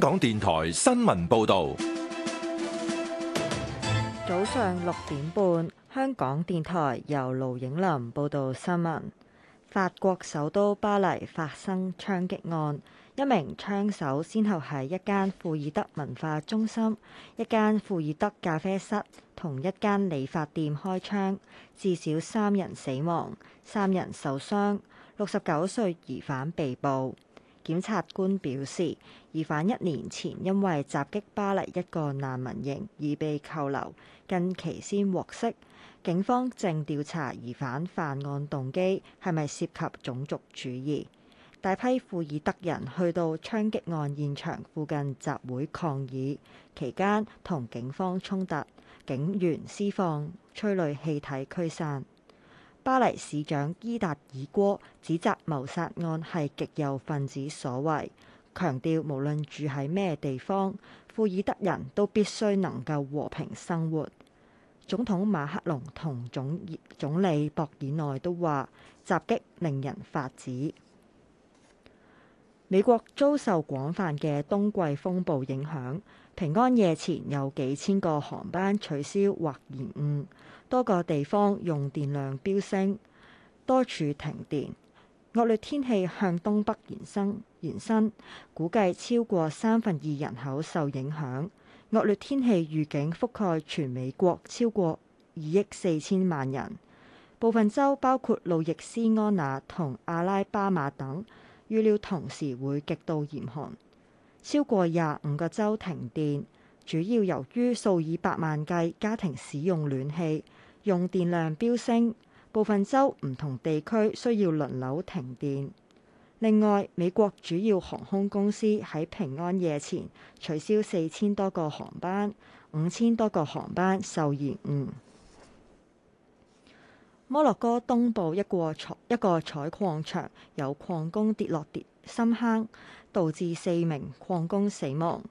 香港電台新聞報道，早上六點半，香港電台由盧影林報道新聞。法國首都巴黎發生槍擊案，一名槍手先後喺一間庫爾德文化中心、一間庫爾德咖啡室同一間理髮店開槍，至少三人死亡，三人受傷。六十九歲疑犯被捕，檢察官表示，疑犯一年前因為襲擊巴黎一個難民營而被扣留，近期先獲釋。警方正調查疑犯犯，犯案動機，係咪涉及種族主義。大批庫爾德人去到槍擊案現場附近集會抗議，期間同警方衝突，警員施放催淚氣體驅散。巴黎市長伊達爾戈指責謀殺案係極右分子所為。強調，無論住喺咩地方，庫爾德人都必須能夠和平生活。總統馬克龍同總總理博爾內都話：襲擊令人發指。美國遭受廣泛嘅冬季風暴影響，平安夜前有幾千個航班取消或延誤，多個地方用電量飆升，多處停電，惡劣天氣向東北延伸。延伸，估計超過三分二人口受影響。惡劣天氣預警覆蓋全美國超過二億四千萬人，部分州包括路易斯安那同阿拉巴馬等，預料同時會極度嚴寒。超過廿五個州停電，主要由於數以百萬計家庭使用暖氣，用電量飆升。部分州唔同地區需要輪流停電。另外，美國主要航空公司喺平安夜前取消四千多個航班，五千多個航班受延誤。摩洛哥東部一個一個採礦礦場有礦工跌落跌深坑，導致四名礦工死亡，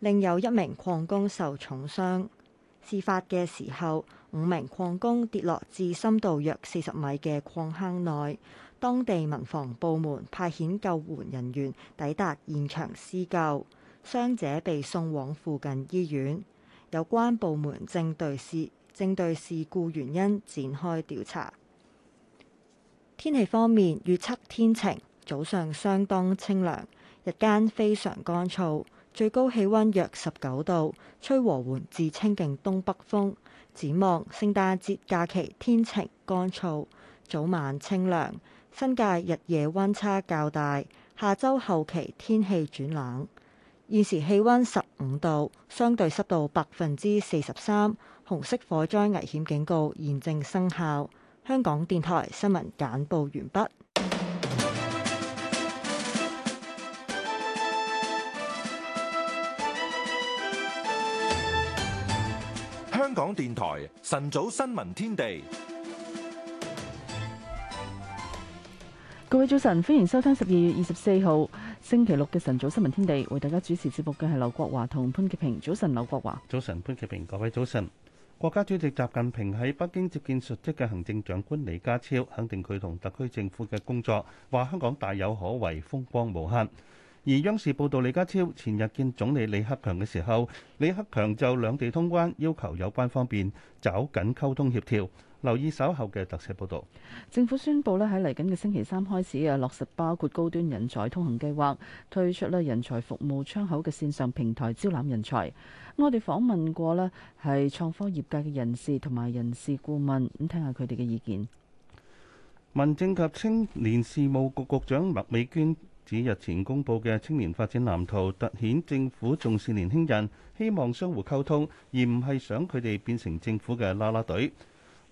另有一名礦工受重傷。事發嘅時候，五名礦工跌落至深度約四十米嘅礦坑內。當地民防部門派遣救援人員抵達現場施救，傷者被送往附近醫院。有關部門正對事正對事故原因展開調查。天氣方面，預測天晴，早上相當清涼，日間非常乾燥，最高氣溫約十九度，吹和緩至清勁東北風。展望聖誕節假期天晴乾燥，早晚清涼。新界日夜溫差較大，下周後期天氣轉冷。現時氣溫十五度，相對濕度百分之四十三，紅色火災危險警告現正生效。香港電台新聞簡報完畢。香港電台晨早新聞天地。各位早晨，歡迎收聽十二月二十四號星期六嘅晨早新聞天地，為大家主持節目嘅係劉國華同潘潔平。早晨，劉國華。早晨，潘潔平。各位早晨。國家主席習近平喺北京接見述職嘅行政長官李家超，肯定佢同特區政府嘅工作，話香港大有可為，風光無限。而央視報道，李家超前日見總理李克強嘅時候，李克強就兩地通關，要求有關方面找緊溝通協調。留意稍後嘅特寫報道。政府宣布咧喺嚟緊嘅星期三開始啊，落實包括高端人才通行計劃，推出咧人才服務窗口嘅線上平台招攬人才。我哋訪問過咧係創科業界嘅人士同埋人事顧問，咁聽下佢哋嘅意見。民政及青年事務局局長麥美娟指，日前公布嘅青年發展藍圖，凸顯政府重視年輕人，希望相互溝通，而唔係想佢哋變成政府嘅啦啦隊。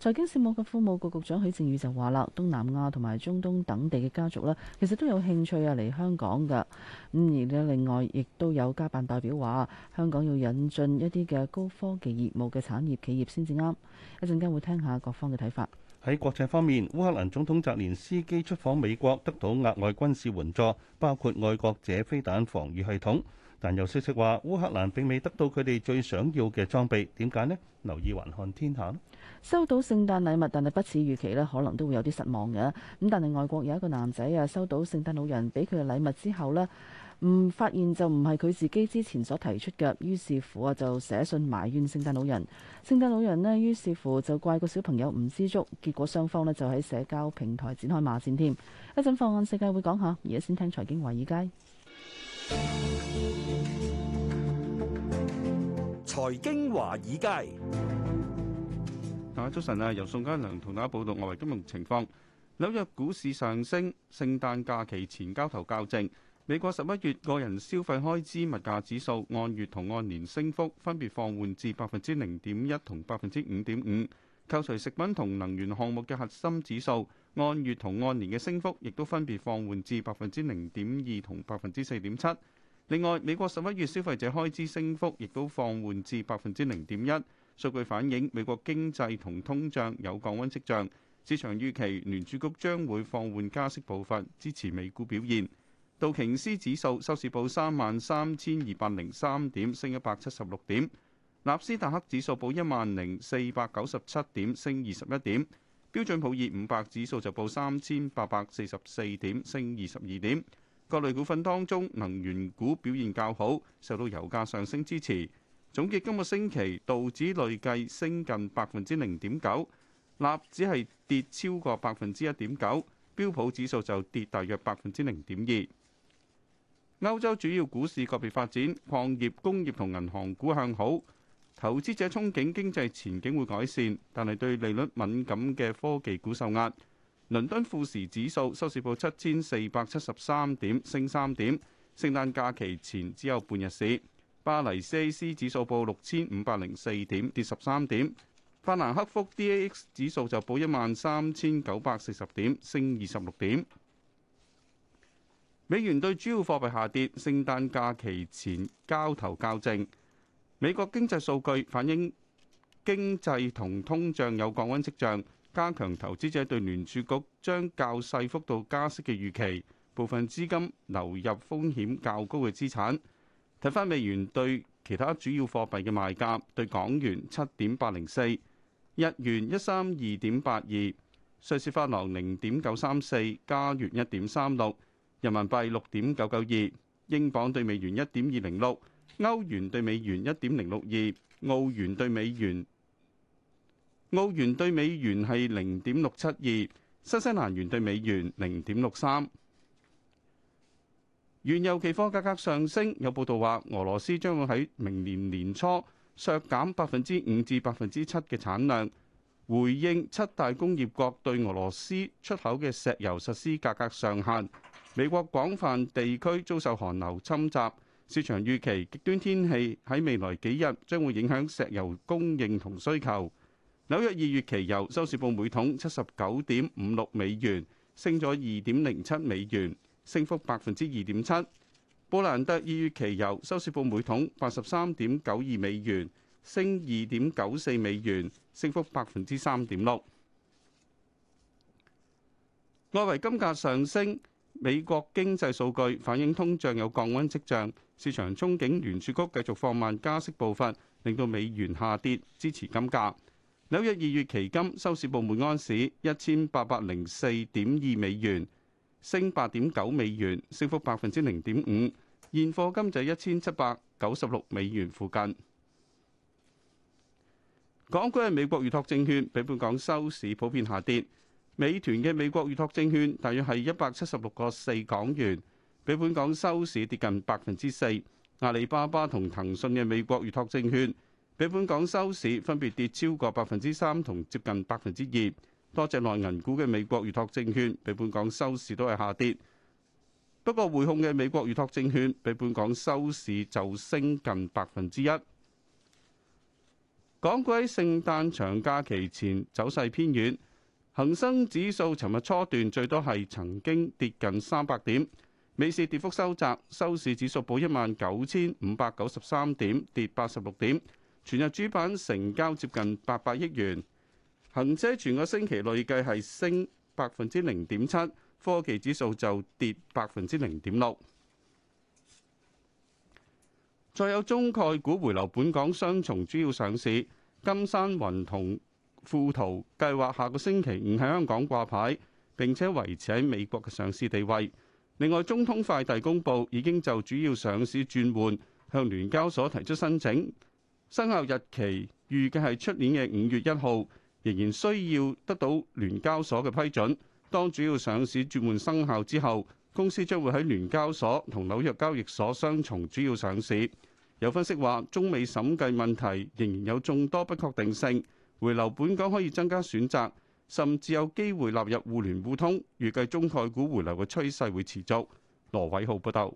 財經事務及庫務局局長許正宇就話啦，東南亞同埋中東等地嘅家族咧，其實都有興趣啊嚟香港噶。咁而咧，另外亦都有家辦代表話，香港要引進一啲嘅高科技業務嘅產業企業先至啱。一陣間會聽下各方嘅睇法。喺國際方面，烏克蘭總統澤連斯基出訪美國，得到額外軍事援助，包括愛國者飛彈防禦系統。但有消息話，烏克蘭並未得到佢哋最想要嘅裝備，點解呢？留意環看天下。收到聖誕禮物，但係不似預期呢，可能都會有啲失望嘅。咁但係外國有一個男仔啊，收到聖誕老人俾佢嘅禮物之後呢，唔發現就唔係佢自己之前所提出嘅，於是乎啊就寫信埋怨聖誕老人。聖誕老人呢，於是乎就怪個小朋友唔知足，結果雙方呢，就喺社交平台展開罵戰。添一陣放眼世界會講下，而家先聽財經華爾街。財經華爾街，嗱，早晨啊！由宋嘉良同大家報道外圍金融情況。紐約股市上升，聖誕假期前交投較靜。美國十一月個人消費開支物價指數按月同按年升幅分別放緩至百分之零點一同百分之五點五。扣除食品同能源項目嘅核心指數，按月同按年嘅升幅亦都分別放緩至百分之零點二同百分之四點七。另外，美國十一月消費者開支升幅亦都放緩至百分之零點一，數據反映美國經濟同通脹有降溫跡象。市場預期聯儲局將會放緩加息步伐，支持美股表現。道瓊斯指數收市報三萬三千二百零三點，升一百七十六點；納斯達克指數報一萬零四百九十七點，升二十一點；標準普爾五百指數就報三千八百四十四點，升二十二點。各類股份當中，能源股表現較好，受到油價上升支持。總結今個星期，道指累計升近百分之零點九，納指係跌超過百分之一點九，標普指數就跌大約百分之零點二。歐洲主要股市個別發展，礦業、工業同銀行股向好，投資者憧憬經濟前景會改善，但係對利率敏感嘅科技股受壓。倫敦富時指數收市報七千四百七十三點，升三點。聖誕假期前只有半日市。巴黎 CAC 指數報六千五百零四點，跌十三點。法蘭克福 DAX 指數就報一萬三千九百四十點，升二十六點。美元對主要貨幣下跌，聖誕假期前交投較靜。美國經濟數據反映經濟同通脹有降溫跡象。加強投資者對聯儲局將較細幅度加息嘅預期，部分資金流入風險較高嘅資產。睇返美元對其他主要貨幣嘅賣價，對港元七點八零四，日元一三二點八二，瑞士法郎零點九三四，加元一點三六，人民幣六點九九二，英鎊對美元一點二零六，歐元對美元一點零六二，澳元對美元。澳元兌美元係零點六七二，新西蘭元兌美元零點六三。原油期貨價格上升，有報道話俄羅斯將會喺明年年初削減百分之五至百分之七嘅產量，回應七大工業國對俄羅斯出口嘅石油實施價格上限。美國廣泛地區遭受寒流侵襲，市場預期極端天氣喺未來幾日將會影響石油供應同需求。紐約二月期油收市報每桶七十九點五六美元，升咗二點零七美元，升幅百分之二點七。布蘭德二月期油收市報每桶八十三點九二美元，升二點九四美元，升幅百分之三點六。外圍金價上升，美國經濟數據反映通脹有降溫跡象，市場憧憬聯儲局繼續放慢加息步伐，令到美元下跌，支持金價。紐約二月期金收市報每安市一千八百零四點二美元，升八點九美元，升幅百分之零點五。現貨金就一千七百九十六美元附近。港股嘅美國預託證券，比本港收市普遍下跌。美團嘅美國預託證券大約係一百七十六個四港元，比本港收市跌近百分之四。阿里巴巴同騰訊嘅美國預託證券。比本港收市分別跌超過百分之三同接近百分之二，多隻內銀股嘅美國預託證券比本港收市都係下跌。不過，匯控嘅美國預託證券比本港收市就升近百分之一。港股喺聖誕長假期前走勢偏軟，恒生指數尋日初段最多係曾經跌近三百點，美市跌幅收窄，收市指數報一萬九千五百九十三點，跌八十六點。全日主板成交接近八百億元，恒指全個星期累計係升百分之零點七，科技指數就跌百分之零點六。再有中概股回流本港雙重主要上市，金山雲同富途計劃下個星期五喺香港掛牌，並且維持喺美國嘅上市地位。另外，中通快遞公布已經就主要上市轉換向聯交所提出申請。生效日期預計係出年嘅五月一號，仍然需要得到聯交所嘅批准。當主要上市轉換生效之後，公司將會喺聯交所同紐約交易所雙重主要上市。有分析話中美審計問題仍然有眾多不確定性，回流本港可以增加選擇，甚至有機會納入互聯互通。預計中概股回流嘅趨勢會持續，羅偉浩報道。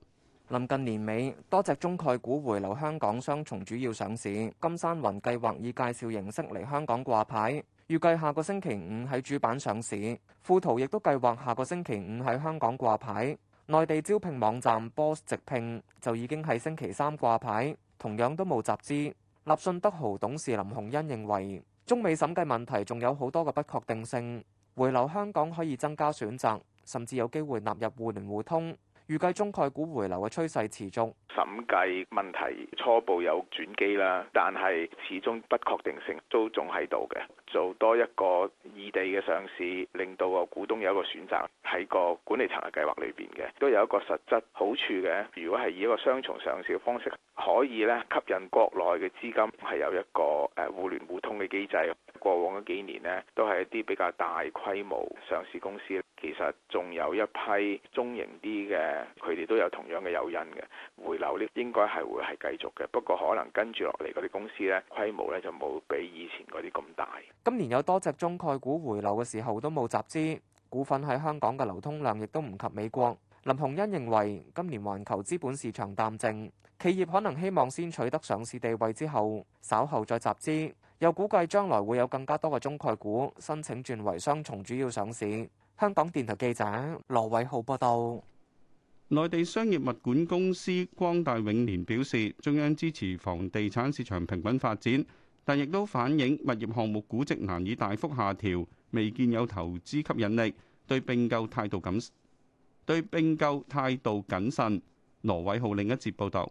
臨近年尾，多隻中概股回流香港，雙重主要上市。金山雲計劃以介紹形式嚟香港掛牌，預計下個星期五喺主板上市。富途亦都計劃下個星期五喺香港掛牌。內地招聘網站 Boss 直聘就已經喺星期三掛牌，同樣都冇集資。立信德豪董事林鴻欣認為，中美審計問題仲有好多個不確定性，回流香港可以增加選擇，甚至有機會納入互聯互通。預計中概股回流嘅趨勢始終，審計問題初步有轉機啦，但係始終不確定性都仲喺度嘅。做多一個異地嘅上市，令到個股東有一個選擇喺個管理層嘅計劃裏邊嘅，都有一個實質好處嘅。如果係以一個雙重上市嘅方式，可以咧吸引國內嘅資金係有一個誒互聯互通嘅機制。過往嗰幾年呢，都係一啲比較大規模上市公司。其實仲有一批中型啲嘅，佢哋都有同樣嘅誘因嘅回流，呢應該係會係繼續嘅。不過可能跟住落嚟嗰啲公司咧規模咧，就冇比以前嗰啲咁大。今年有多隻中概股回流嘅時候都冇集資，股份喺香港嘅流通量亦都唔及美國。林洪恩認為今年環球資本市場淡靜，企業可能希望先取得上市地位之後，稍後再集資。又估計將來會有更加多嘅中概股申請轉為雙重主要上市。香港電台記者羅偉浩報道，內地商業物管公司光大永年表示，中央支持房地產市場平穩發展，但亦都反映物業項目估值難以大幅下調，未見有投資吸引力，對併購態度緊，對併購態度謹慎。羅偉浩另一節報道。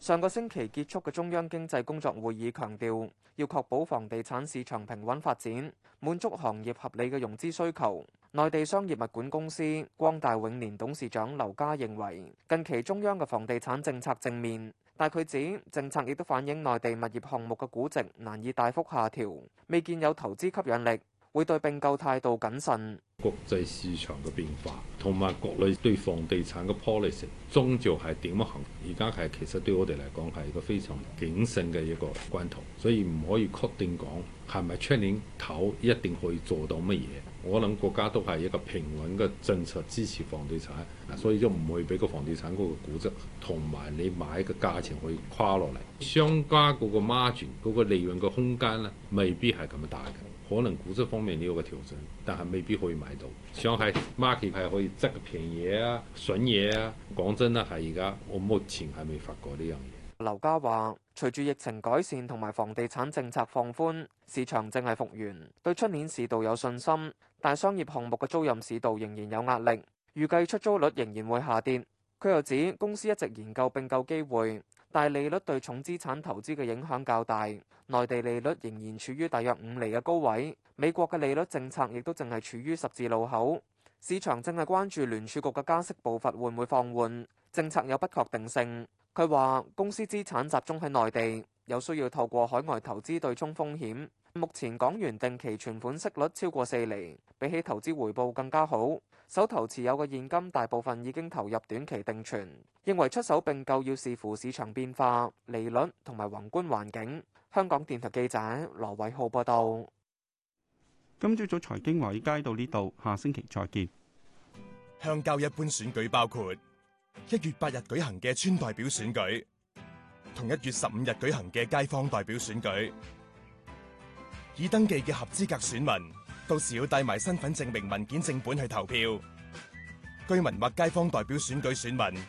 上個星期結束嘅中央經濟工作會議強調，要確保房地產市場平穩發展，滿足行業合理嘅融資需求。內地商業物管公司光大永年董事長劉嘉認為，近期中央嘅房地產政策正面，但佢指政策亦都反映內地物業項目嘅估值難以大幅下調，未見有投資吸引力。會對併購態度謹慎。國際市場嘅變化同埋國內對房地產嘅 policy，終究係點樣行？而家係其實對我哋嚟講，係一個非常謹慎嘅一個關頭，所以唔可以確定講，係咪出年頭一定可以做到乜嘢。我諗國家都係一個平穩嘅政策支持房地產，所以都唔會俾個房地產嗰個估值同埋你買嘅價錢可以跨落嚟。商家嗰個 Margin 嗰個利潤嘅空間咧，未必係咁大嘅。可能估值方面有個調整，但係未必可以買到。想係 market 係可以執個平嘢啊、筍嘢啊。講真啦，係而家我目前係未發覺呢樣嘢。劉家話：隨住疫情改善同埋房地產政策放寬，市場正係復原，對出年市道有信心。但商業項目嘅租賃市道仍然有壓力，預計出租率仍然會下跌。佢又指公司一直研究並購機會。大利率對重資產投資嘅影響較大，內地利率仍然處於大約五厘嘅高位。美國嘅利率政策亦都淨係處於十字路口，市場正係關注聯儲局嘅加息步伐會唔會放緩，政策有不確定性。佢話公司資產集中喺內地，有需要透過海外投資對沖風險。目前港元定期存款息率超過四厘，比起投資回報更加好。手頭持有嘅現金大部分已經投入短期定存，認為出手並購要視乎市場變化、利率同埋宏觀環境。香港電台記者羅偉浩報道。今朝早財經華爾街到呢度，下星期再見。鄉郊一般選舉包括一月八日舉行嘅村代表選舉，同一月十五日舉行嘅街坊代表選舉，已登記嘅合資格選民。到時要帶埋身份證明文件正本去投票。居民或街坊代表選舉選民，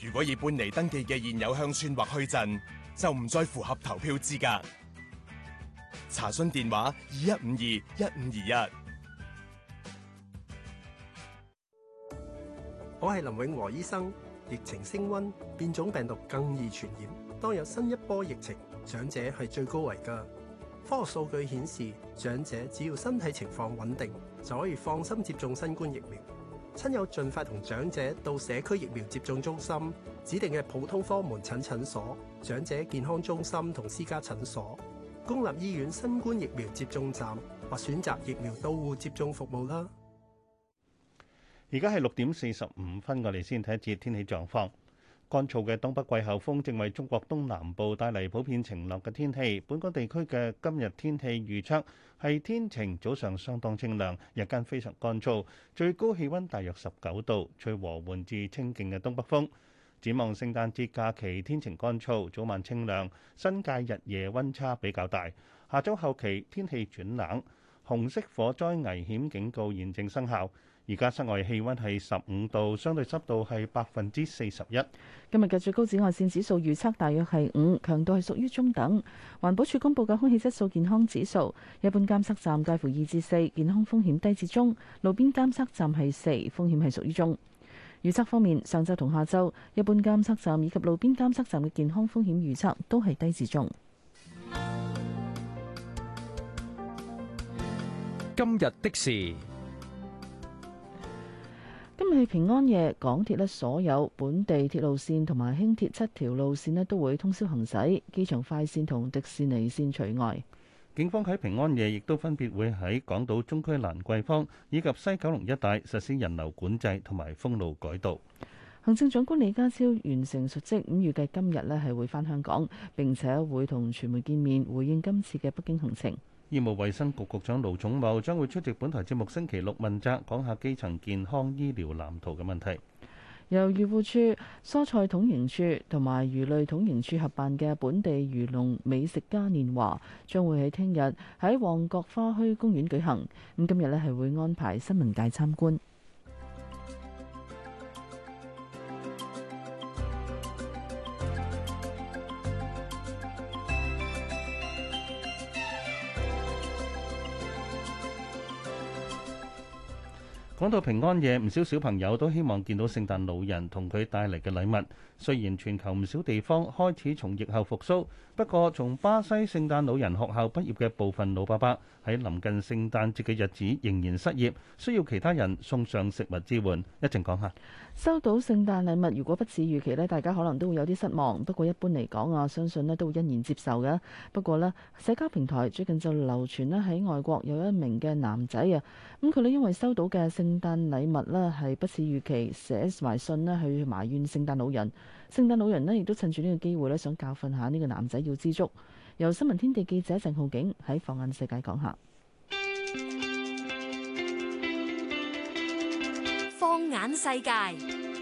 如果以搬離登記嘅現有鄉村或墟鎮，就唔再符合投票資格。查詢電話21 5 21 5 21：二一五二一五二一。我係林永和醫生。疫情升温，變種病毒更易傳染。當有新一波疫情，長者係最高危㗎。科學數據顯示，長者只要身體情況穩定，就可以放心接種新冠疫苗。親友盡快同長者到社區疫苗接種中心、指定嘅普通科門診診所、長者健康中心同私家診所、公立醫院新冠疫苗接種站或選擇疫苗到戶接種服務啦。而家係六點四十五分，我哋先睇一節天氣狀況。乾燥嘅東北季候風正為中國東南部帶嚟普遍晴朗嘅天氣。本港地區嘅今日天氣預測係天晴，早上相當清涼，日間非常乾燥，最高氣温大約十九度，吹和緩至清勁嘅東北風。展望聖誕節假期天晴乾燥，早晚清涼，新界日夜温差比較大。下週後期天氣轉冷，紅色火災危險警告現正生效。而家室外氣溫係十五度，相對濕度係百分之四十一。今日嘅最高紫外線指數預測大約係五，強度係屬於中等。環保署公布嘅空氣質素健康指數，一般監測站介乎二至四，健康風險低至中；路邊監測站係四，風險係屬於中。預測方面，上晝同下晝，一般監測站以及路邊監測站嘅健康風險預測都係低至中。今日的時。今日係平安夜，港鐵咧所有本地鐵路線同埋輕鐵七條路線咧都會通宵行駛，機場快線同迪士尼線除外。警方喺平安夜亦都分別會喺港島中區蘭桂坊以及西九龍一帶實施人流管制同埋封路改道。行政長官李家超完成述職，咁預計今日咧係會翻香港，並且會同傳媒見面回應今次嘅北京行程。醫務衛生局局長盧寵茂將會出席本台節目星期六問責，講下基層健康醫療藍圖嘅問題。由漁護處蔬菜統營處同埋魚類統營處合辦嘅本地魚農美食嘉年華，將會喺聽日喺旺角花墟公園舉行。咁今日呢係會安排新聞界參觀。講到平安夜，唔少小朋友都希望見到聖誕老人同佢帶嚟嘅禮物。雖然全球唔少地方開始從疫後復甦。不過，從巴西聖誕老人學校畢業嘅部分老伯伯喺臨近聖誕節嘅日子仍然失業，需要其他人送上食物支援。一陣講下，收到聖誕禮物如果不似預期呢，大家可能都會有啲失望。不過一般嚟講啊，相信呢都會欣然接受嘅。不過呢，社交平台最近就流傳呢，喺外國有一名嘅男仔啊，咁佢呢，因為收到嘅聖誕禮物呢，係不似預期，寫埋信呢去埋怨聖誕老人。聖誕老人呢，亦都趁住呢個機會咧，想教訓下呢個男仔要知足。由新聞天地記者鄭浩景喺放眼世界講下。放眼世界。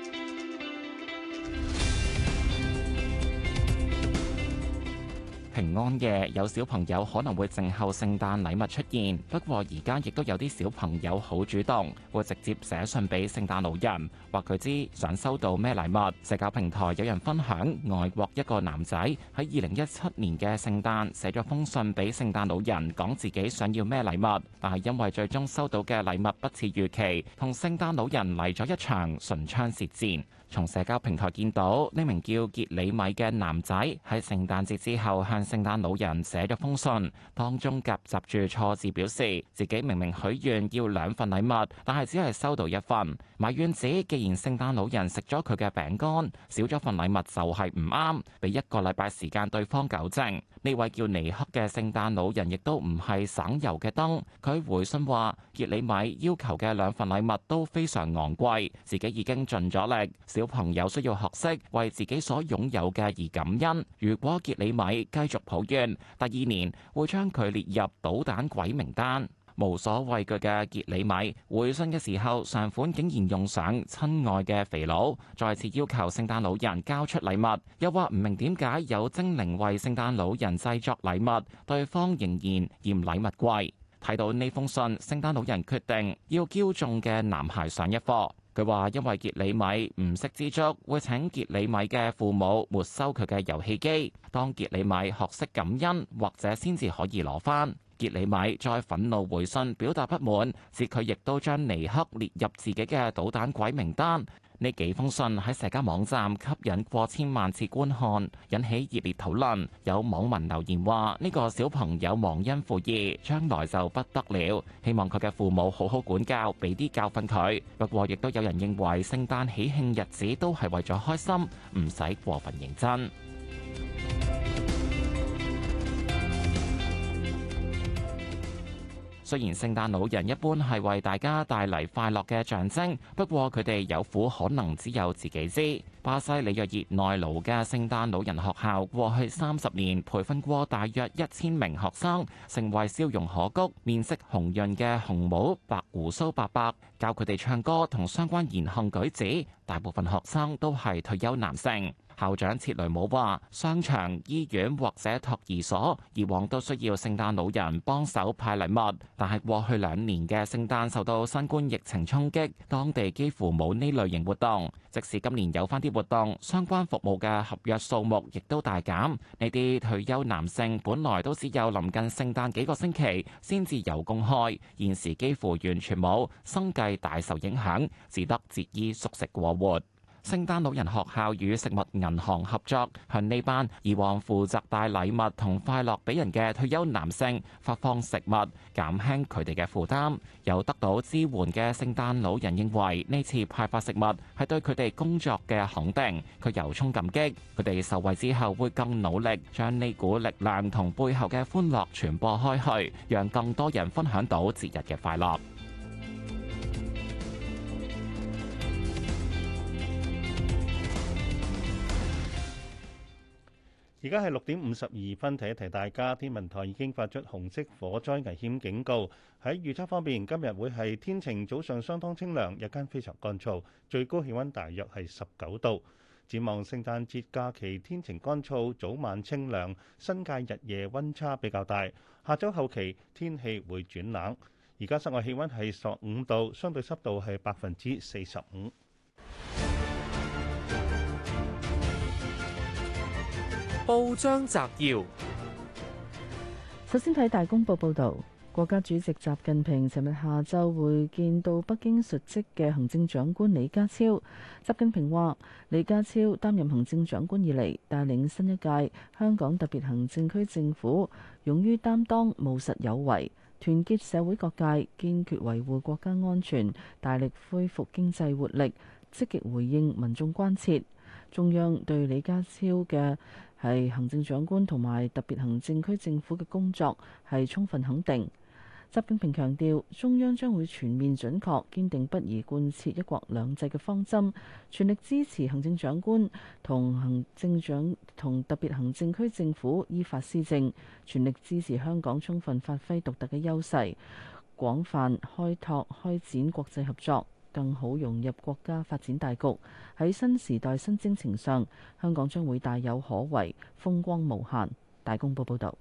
平安夜有小朋友可能會靜候聖誕禮物出現，不過而家亦都有啲小朋友好主動會直接寫信俾聖誕老人，話佢知想收到咩禮物。社交平台有人分享，外國一個男仔喺二零一七年嘅聖誕寫咗封信俾聖誕老人，講自己想要咩禮物，但係因為最終收到嘅禮物不似預期，同聖誕老人嚟咗一場唇槍舌戰。從社交平台見到呢名叫傑里米嘅男仔喺聖誕節之後向聖誕老人寫咗封信，當中夾雜住錯字，表示自己明明許願要兩份禮物，但係只係收到一份。埋怨指既然聖誕老人食咗佢嘅餅乾，少咗份禮物就係唔啱，俾一個禮拜時間對方糾正。呢位叫尼克嘅聖誕老人亦都唔係省油嘅燈，佢回信話傑里米要求嘅兩份禮物都非常昂貴，自己已經盡咗力。小朋友需要學識為自己所擁有嘅而感恩。如果傑里米繼續抱怨，第二年會將佢列入搗蛋鬼名單。無所畏懼嘅傑里米回信嘅時候，上款竟然用上親愛嘅肥佬，再次要求聖誕老人交出禮物。又話唔明點解有精靈為聖誕老人製作禮物，對方仍然嫌禮物貴。睇到呢封信，聖誕老人決定要驕縱嘅男孩上一課。佢話：因為傑里米唔識知足，會請傑里米嘅父母沒收佢嘅遊戲機，當傑里米學識感恩，或者先至可以攞返。傑里米再憤怒回信表達不滿，指佢亦都將尼克列入自己嘅搗蛋鬼名單。呢幾封信喺社交網站吸引過千萬次觀看，引起熱烈討論。有網民留言話：呢個小朋友忘恩負義，將來就不得了。希望佢嘅父母好好管教，畀啲教訓佢。不過，亦都有人認為聖誕喜慶日子都係為咗開心，唔使過分認真。雖然聖誕老人一般係為大家帶嚟快樂嘅象徵，不過佢哋有苦可能只有自己知。巴西里約熱內盧嘅聖誕老人學校，過去三十年培訓過大約一千名學生，成為笑容可掬、面色紅潤嘅紅帽白鬍鬚伯伯，教佢哋唱歌同相關言行舉止。大部分學生都係退休男性。校長切雷姆話，商場、醫院或者托兒所以往都需要聖誕老人幫手派禮物，但係過去兩年嘅聖誕受到新冠疫情衝擊，當地幾乎冇呢類型活動。即使今年有翻啲活動，相關服務嘅合約數目亦都大減。呢啲退休男性本來都只有臨近聖誕幾個星期先至有工開，現時幾乎完全冇，生計大受影響，只得節衣縮食過活。聖誕老人學校與食物銀行合作，向呢班以往負責帶禮物同快樂畀人嘅退休男性發放食物，減輕佢哋嘅負擔。有得到支援嘅聖誕老人認為，呢次派發食物係對佢哋工作嘅肯定。佢由衷感激，佢哋受惠之後會更努力將呢股力量同背後嘅歡樂傳播開去，讓更多人分享到節日嘅快樂。而家係六點五十二分，提一提大家，天文台已經發出紅色火災危險警告。喺預測方面，今日會係天晴，早上相當清涼，日間非常乾燥，最高氣温大約係十九度。展望聖誕節假期，天晴乾燥，早晚清涼，新界日夜温差比較大。下週後期天氣會轉冷。而家室外氣温係十五度，相對濕度係百分之四十五。報章摘要，首先睇大公報報道，國家主席習近平尋日下晝會見到北京述職嘅行政長官李家超。習近平話：李家超擔任行政長官以嚟，帶領新一屆香港特別行政區政府，勇於擔當，務實有為，團結社會各界，堅決維護國家安全，大力恢復經濟活力，積極回應民眾關切。中央對李家超嘅係行政長官同埋特別行政區政府嘅工作係充分肯定。習近平強調，中央將會全面準確、堅定不移貫徹一國兩制嘅方針，全力支持行政長官同行政長同特別行政區政府依法施政，全力支持香港充分發揮獨特嘅優勢，廣泛開拓開展國際合作。更好融入國家發展大局，喺新時代新征程上，香港將會大有可為，風光無限。大公報報道，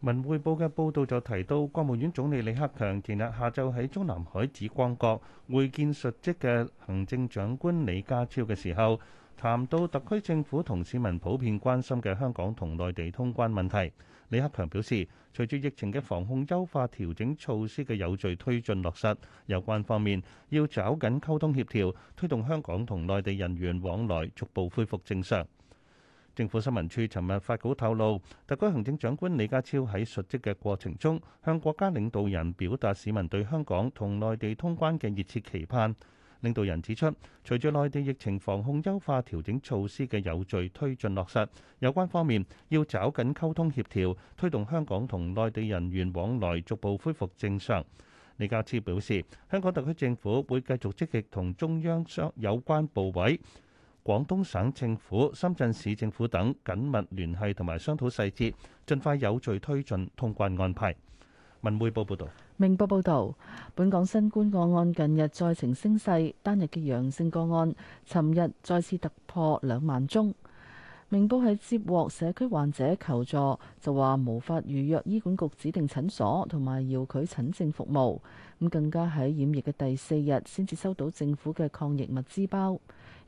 文匯報嘅報道就提到，國務院總理李克強前日下晝喺中南海紫光閣會見述職嘅行政長官李家超嘅時候，談到特區政府同市民普遍關心嘅香港同內地通關問題。李克強表示，隨住疫情嘅防控優化調整措施嘅有序推進落實，有關方面要抓緊溝通協調，推動香港同內地人員往來逐步恢復正常。政府新聞處尋日發稿透露，特區行政長官李家超喺述職嘅過程中，向國家領導人表達市民對香港同內地通關嘅熱切期盼。領導人指出，隨住內地疫情防控優化調整措施嘅有序推進落實，有關方面要抓緊溝通協調，推動香港同內地人員往來逐步恢復正常。李家超表示，香港特區政府會繼續積極同中央相有關部委、廣東省政府、深圳市政府等緊密聯繫同埋商討細節，盡快有序推進通關安排。文匯報報道，明報報道，本港新冠個案近日再呈升勢，單日嘅陽性個案，尋日再次突破兩萬宗。明報喺接獲社區患者求助，就話無法預約醫管局指定診所同埋遙距診症服務，咁更加喺染疫嘅第四日先至收到政府嘅抗疫物資包。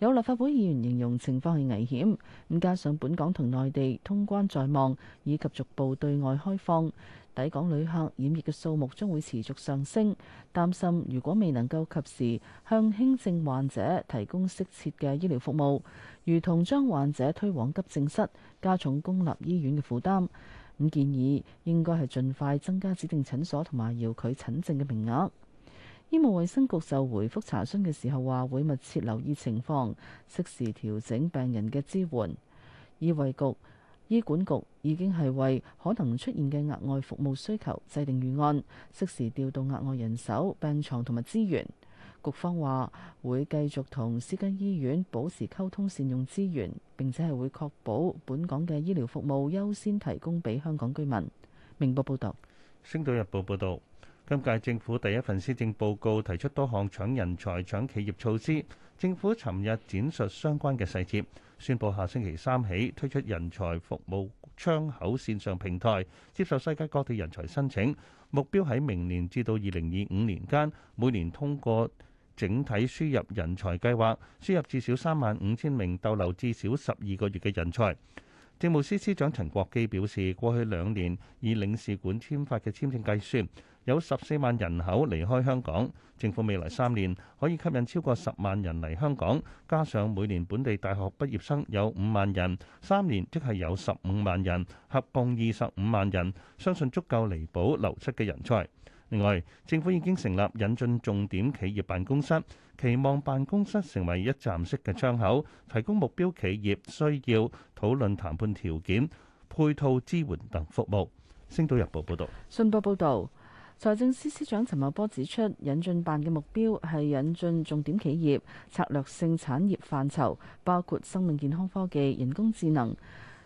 有立法會議員形容情況係危險，咁加上本港同內地通關在望，以及逐步對外開放。抵港旅客染疫嘅數目將會持續上升，擔心如果未能夠及時向輕症患者提供適切嘅醫療服務，如同將患者推往急症室，加重公立醫院嘅負擔。咁建議應該係盡快增加指定診所同埋遙距診症嘅名額。醫務衛生局就回覆查詢嘅時候話，會密切留意情況，適時調整病人嘅支援。醫衞局。醫管局已經係為可能出現嘅額外服務需求制定預案，適時調動額外人手、病床同埋資源。局方話會繼續同私家醫院保持溝通，善用資源，並且係會確保本港嘅醫療服務優先提供俾香港居民。明報報導，《星島日報》報道：「今屆政府第一份施政報告提出多項搶人才、搶企業措施，政府尋日展述相關嘅細節。宣布下星期三起推出人才服務窗口線上平台，接受世界各地人才申請。目標喺明年至到二零二五年間，每年通過整體輸入人才計劃，輸入至少三萬五千名逗留至少十二個月嘅人才。政務司司長陳國基表示，過去兩年以領事館簽發嘅簽證計算，有十四萬人口離開香港。政府未來三年可以吸引超過十萬人嚟香港，加上每年本地大學畢業生有五萬人，三年即係有十五萬人，合共二十五萬人，相信足夠彌補流失嘅人才。另外，政府已經成立引進重點企業辦公室。期望辦公室成為一站式嘅窗口，提供目標企業需要討論談判條件、配套支援等服務。星島日報報導。信報報導，財政司司長陳茂波指出，引進辦嘅目標係引進重點企業、策略性產業範疇，包括生命健康科技、人工智能、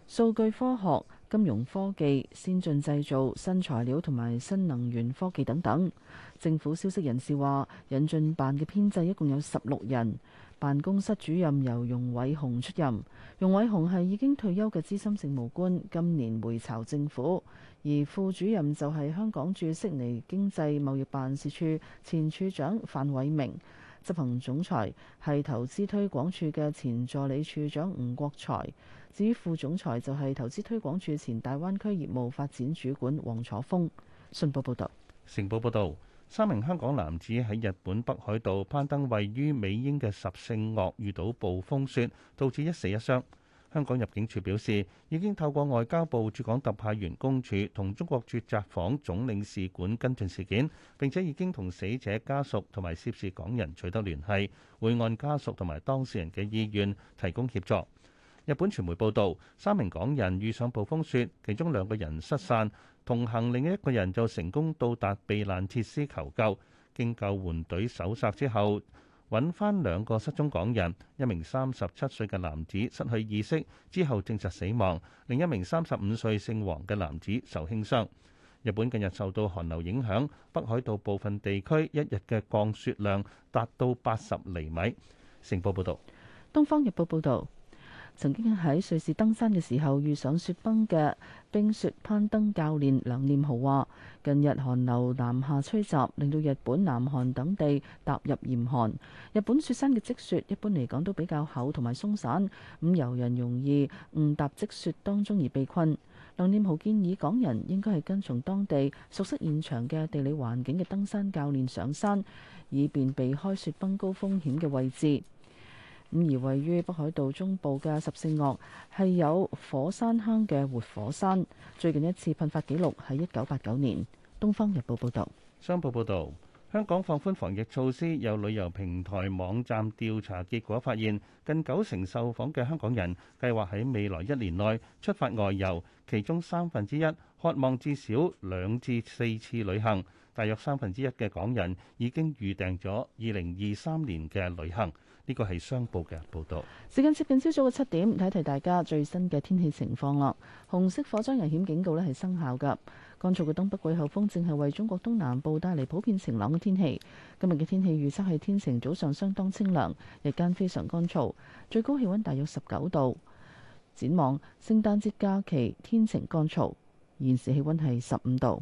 數據科學。金融科技、先進製造、新材料同埋新能源科技等等。政府消息人士話，引進辦嘅編制一共有十六人，辦公室主任由容偉雄出任。容偉雄係已經退休嘅資深政務官，今年回巢政府。而副主任就係香港駐悉尼經濟貿易辦事處前處長范偉明，執行總裁係投資推廣署嘅前助理處長吳國才。至於副總裁就係投資推廣署前大灣區業務發展主管黃楚峰。道道《信報報道：「成報報道，三名香港男子喺日本北海道攀登位於美英嘅十勝岳，遇到暴風雪，導致一死一傷。香港入境處表示，已經透過外交部駐港特派員公署同中國駐札幌總領事館跟進事件，並且已經同死者家屬同埋涉事港人取得聯繫，會按家屬同埋當事人嘅意願提供協助。日本傳媒報導，三名港人遇上暴風雪，其中兩個人失散，同行另一個人就成功到達避難設施求救。經救援隊搜索之後，搵返兩個失蹤港人。一名三十七歲嘅男子失去意識之後，證實死亡；另一名三十五歲姓黃嘅男子受輕傷。日本近日受到寒流影響，北海道部分地區一日嘅降雪量達到八十厘米。成報報道：《東方日報》報道。曾經喺瑞士登山嘅時候遇上雪崩嘅冰雪攀登教練梁念豪話，近日寒流南下吹襲，令到日本、南韓等地踏入嚴寒。日本雪山嘅積雪一般嚟講都比較厚同埋鬆散，咁、嗯、遊人容易誤、嗯、踏積雪當中而被困。梁念豪建議港人應該係跟從當地熟悉現場嘅地理環境嘅登山教練上山，以便避開雪崩高風險嘅位置。咁而位於北海道中部嘅十勝岳係有火山坑嘅活火山，最近一次噴發記錄係一九八九年。《東方日報》報導。商報報導，香港放寬防疫措施，有旅遊平台網站調查結果發現，近九成受訪嘅香港人計劃喺未來一年內出發外遊，其中三分之一渴望至少兩至四次旅行，大約三分之一嘅港人已經預訂咗二零二三年嘅旅行。呢個係商報嘅報道。時間接近朝早嘅七點，提提大家最新嘅天氣情況啦。紅色火災危險警告咧係生效嘅。乾燥嘅東北季候風正係為中國東南部帶嚟普遍晴朗嘅天氣。今日嘅天氣預測係天晴，早上相當清涼，日間非常乾燥，最高氣温大約十九度。展望聖誕節假期天晴乾燥，現時氣温係十五度。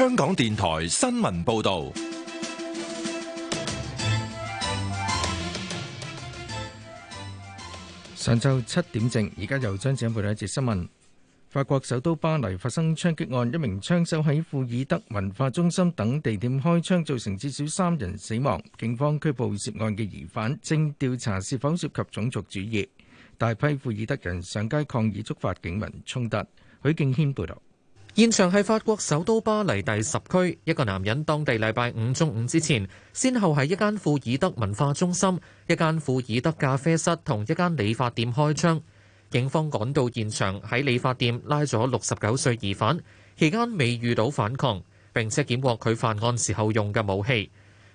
香港電台新聞報道，上晝七點正，而家又將展開一節新聞。法國首都巴黎發生槍擊案，一名槍手喺庫爾德文化中心等地點開槍，造成至少三人死亡。警方拘捕涉案嘅疑犯，正調查是否涉及種族主義。大批庫爾德人上街抗議，觸發警民衝突。許敬軒報道。現場係法國首都巴黎第十區，一個男人當地禮拜五中午之前，先後喺一間庫爾德文化中心、一間庫爾德咖啡室同一間理髮店開槍。警方趕到現場，喺理髮店拉咗六十九歲疑犯，期間未遇到反抗，並且檢獲佢犯案時候用嘅武器。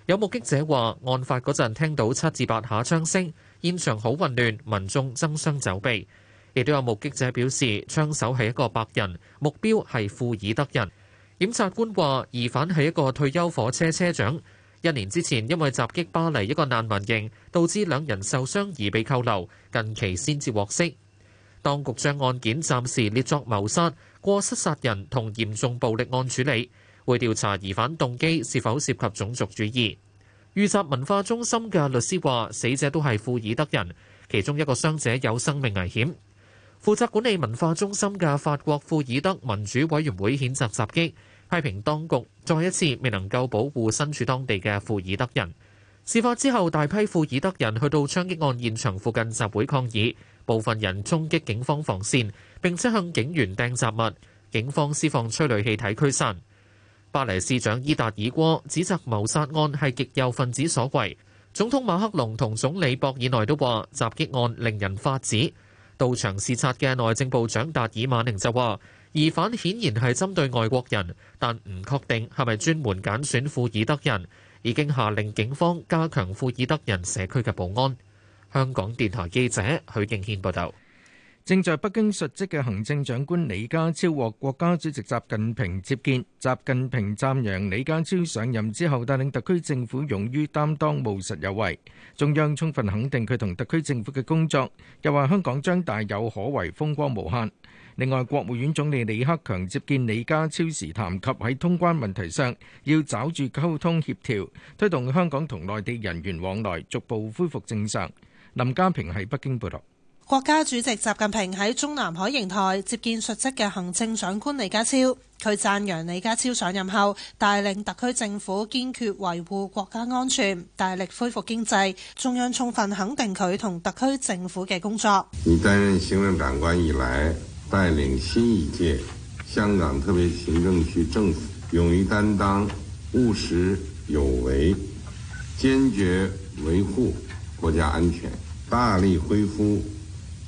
有目擊者話，案發嗰陣聽到七至八下槍聲，現場好混亂，民眾爭相走避。亦都有目擊者表示，槍手係一個白人，目標係庫爾德人。檢察官話：疑犯係一個退休火車車長，一年之前因為襲擊巴黎一個難民營，導致兩人受傷而被扣留，近期先至獲釋。當局將案件暫時列作謀殺、過失殺人同嚴重暴力案處理，會調查疑犯動機是否涉及種族主義。遇襲文化中心嘅律師話：死者都係庫爾德人，其中一個傷者有生命危險。負責管理文化中心嘅法國庫爾德民主委員會譴責襲擊，批評當局再一次未能夠保護身處當地嘅庫爾德人。事發之後，大批庫爾德人去到槍擊案現場附近集會抗議，部分人衝擊警方防線，並且向警員掟雜物。警方施放催淚氣體驅散。巴黎市長伊達爾戈指責謀殺案係極右分子所為。總統馬克龍同總理博爾內都話：襲擊案令人髮指。到場視察嘅內政部長達爾馬寧就話：疑犯顯然係針對外國人，但唔確定係咪專門揀選庫爾德人。已經下令警方加強庫爾德人社區嘅保安。香港電台記者許敬軒報道。正在北京述職嘅行政長官李家超獲國家主席習近平接見，習近平讚揚李家超上任之後帶領特區政府勇於擔當、務實有為，中央充分肯定佢同特區政府嘅工作，又話香港將大有可為、風光無限。另外，國務院總理李克強接見李家超時談及喺通關問題上要抓住溝通協調，推動香港同內地人員往來逐步恢復正常。林家平喺北京報道。國家主席習近平喺中南海瀛台接見述職嘅行政長官李家超，佢讚揚李家超上任後帶領特區政府堅決維護國家安全，大力恢復經濟，中央充分肯定佢同特區政府嘅工作。你擔任行政長官以來，帶領新一屆香港特別行政區政府，勇於擔當，務實有為，堅決維護國家安全，大力恢復。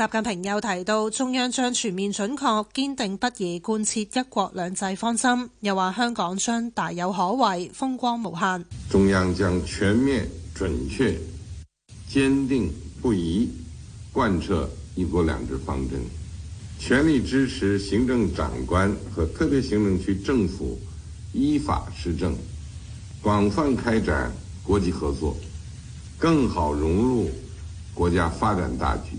習近平又提到，中央將全面準確、堅定不移貫徹一國兩制方針，又話香港將大有可為，風光無限。中央將全面準確、堅定不移貫徹一國兩制方針，全力支持行政長官和特別行政區政府依法施政，廣泛開展國際合作，更好融入國家發展大局。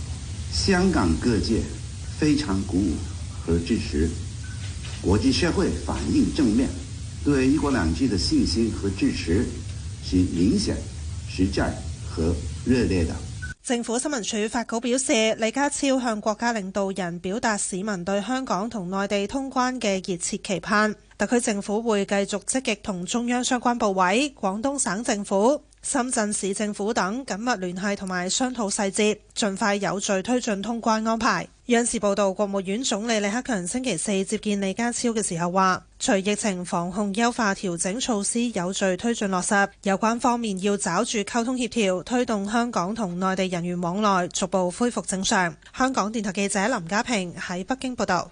香港各界非常鼓舞和支持，國際社會反應正面，對一國兩制的信心和支持是明顯、實在和熱烈的。政府新聞處發稿表示，李家超向國家領導人表達市民對香港同內地通關嘅熱切期盼，特區政府會繼續積極同中央相關部委、廣東省政府。深圳市政府等緊密聯繫同埋商討細節，盡快有序推進通關安排。央視報道，國務院總理李克強星期四接見李家超嘅時候話，隨疫情防控優化調整措施有序推進落實，有關方面要抓住溝通協調，推動香港同內地人員往來逐步恢復正常。香港電台記者林家平喺北京報導。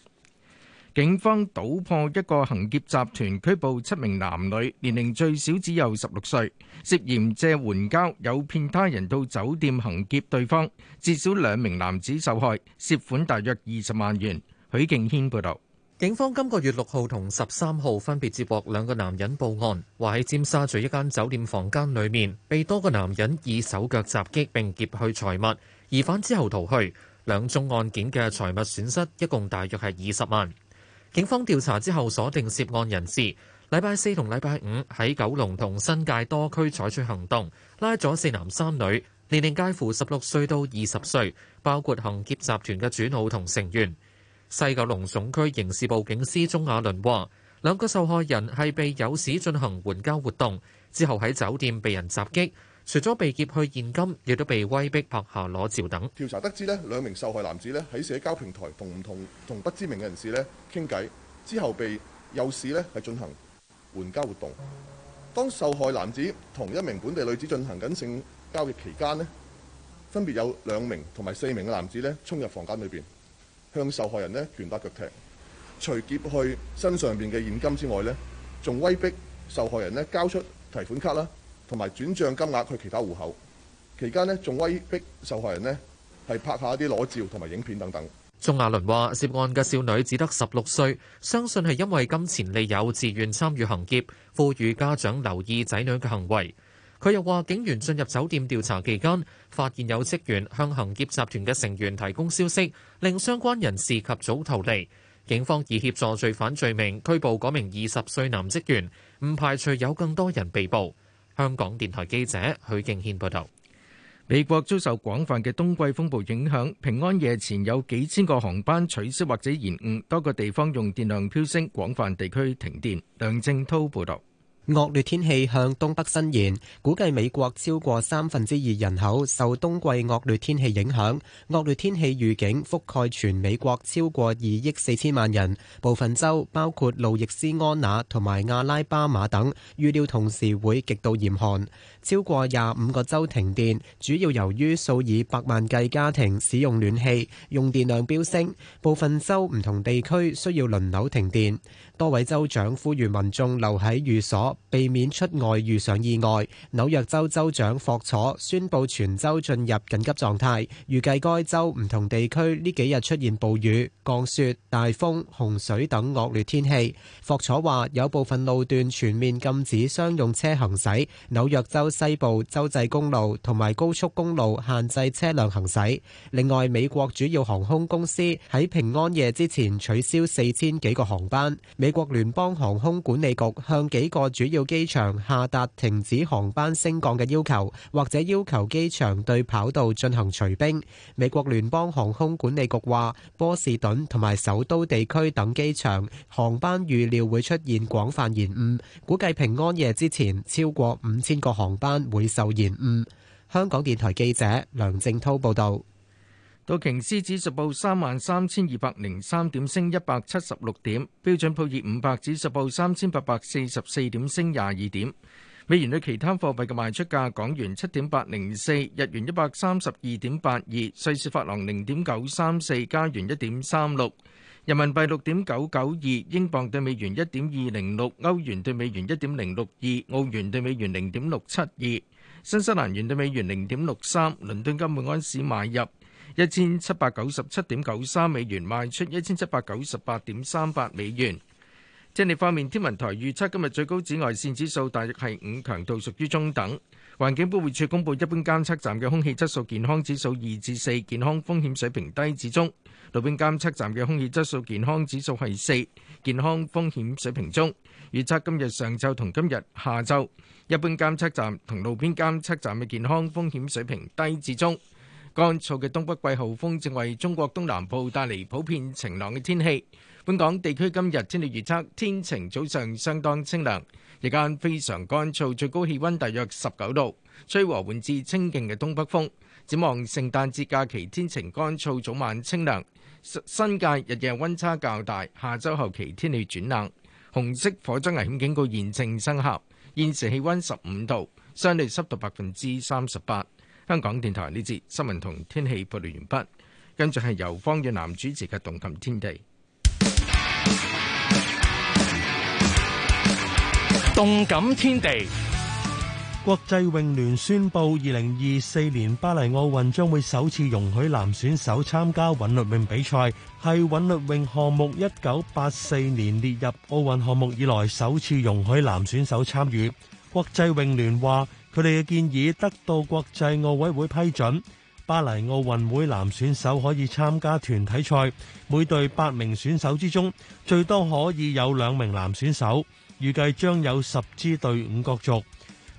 警方搗破一個行劫集團，拘捕七名男女，年齡最少只有十六歲，涉嫌借援交誘騙他人到酒店行劫對方，至少兩名男子受害，涉款大約二十萬元。許敬軒報道。警方今個月六號同十三號分別接獲兩個男人報案，話喺尖沙咀一間酒店房間裏面被多個男人以手腳襲擊並劫去財物，疑犯之後逃去。兩宗案件嘅財物損失一共大約係二十萬。警方調查之後鎖定涉案人士，禮拜四同禮拜五喺九龍同新界多區採取行動，拉咗四男三女，年齡介乎十六歲到二十歲，包括行劫集團嘅主腦同成員。西九龍總區刑事部警司鍾雅倫話：兩個受害人係被有史進行援交活動之後喺酒店被人襲擊。除咗被劫去現金，亦都被威逼拍下裸照等。調查得知咧，兩名受害男子咧喺社交平台同唔同同不知名嘅人士咧傾偈，之後被誘使咧係進行援交活動。當受害男子同一名本地女子進行緊性交易期間咧，分別有兩名同埋四名嘅男子咧衝入房間裏邊，向受害人咧拳打腳踢。除劫去身上邊嘅現金之外咧，仲威逼受害人咧交出提款卡啦。同埋轉賬金額去其他戶口，期間呢，仲威逼受害人呢，係拍下啲裸照同埋影片等等。鍾亞倫話：涉案嘅少女只得十六歲，相信係因為金錢利誘，自願參與行劫。呼籲家長留意仔女嘅行為。佢又話：警員進入酒店調查期間，發現有職員向行劫集團嘅成員提供消息，令相關人士及早逃離。警方以協助罪犯罪名拘捕嗰名二十歲男職員，唔排除有更多人被捕。香港電台記者許敬軒報道：美國遭受廣泛嘅冬季風暴影響，平安夜前有幾千個航班取消或者延誤，多個地方用電量飆升，廣泛地區停電。梁正濤報道。惡劣天氣向東北伸延，估計美國超過三分之二人口受冬季惡劣天氣影響。惡劣天氣預警覆蓋全美國超過二億四千萬人，部分州包括路易斯安那同埋阿拉巴馬等，預料同時會極度嚴寒。超過廿五個州停電，主要由於數以百萬計家庭使用暖氣，用電量飆升。部分州唔同地區需要輪流停電。多位州長呼籲民眾留喺寓所，避免出外遇上意外。紐約州州長霍楚宣布全州進入緊急狀態，預計該州唔同地區呢幾日出現暴雨、降雪、大風、洪水等惡劣天氣。霍楚話有部分路段全面禁止商用車行駛。紐約州西部州際公路同埋高速公路限制車輛行駛。另外，美國主要航空公司喺平安夜之前取消四千幾個航班。美國聯邦航空管理局向幾個主要機場下達停止航班升降嘅要求，或者要求機場對跑道進行除冰。美國聯邦航空管理局話，波士頓同埋首都地區等機場航班預料會出現廣泛延誤，估計平安夜之前超過五千個航班會受延誤。香港電台記者梁正滔報導，道瓊斯指數報三萬三千二百零三點，升一百七十六點；標準普爾五百指數報三千八百四十四點，升廿二點。美元對其他貨幣嘅賣出價：港元七點八零四，日元一百三十二點八二，瑞士法郎零點九三四，加元一點三六。人民幣六點九九二，英鎊對美元一點二零六，歐元對美元一點零六二，澳元對美元零點六七二，新西蘭元對美元零點六三。倫敦金每安士買入一千七百九十七點九三美元，賣出一千七百九十八點三八美元。天氣方面，天文台預測今日最高紫外線指數大約係五，強度屬於中等。環境保護署公佈一般監測站嘅空氣質素健康指數二至四，健康風險水平低至中。路邊監測站嘅空氣質素健康指數係四，健康風險水平中。預測今日上晝同今日下晝，一般監測站同路邊監測站嘅健康風險水平低至中。乾燥嘅東北季候風正為中國東南部帶嚟普遍晴朗嘅天氣。本港地區今日天氣預測天晴，早上相當清涼，日間非常乾燥，最高氣溫大約十九度，吹和緩至清勁嘅東北風。展望聖誕節假期，天晴乾燥，早晚清涼。新界日夜溫差較大，下周後期天氣轉冷。紅色火災危險警告現正生效。現時氣溫十五度，相對濕度百分之三十八。香港電台呢節新聞同天氣報道完畢，跟住係由方遠南主持嘅動感天地。動感天地。動感天地。國際泳聯宣布，二零二四年巴黎奧運將會首次容許男選手參加韻律泳比賽，係韻律泳項目一九八四年列入奧運項目以來首次容許男選手參與。國際泳聯話，佢哋嘅建議得到國際奧委會批准，巴黎奧運會男選手可以參加團體賽，每隊八名選手之中最多可以有兩名男選手。預計將有十支隊伍角逐。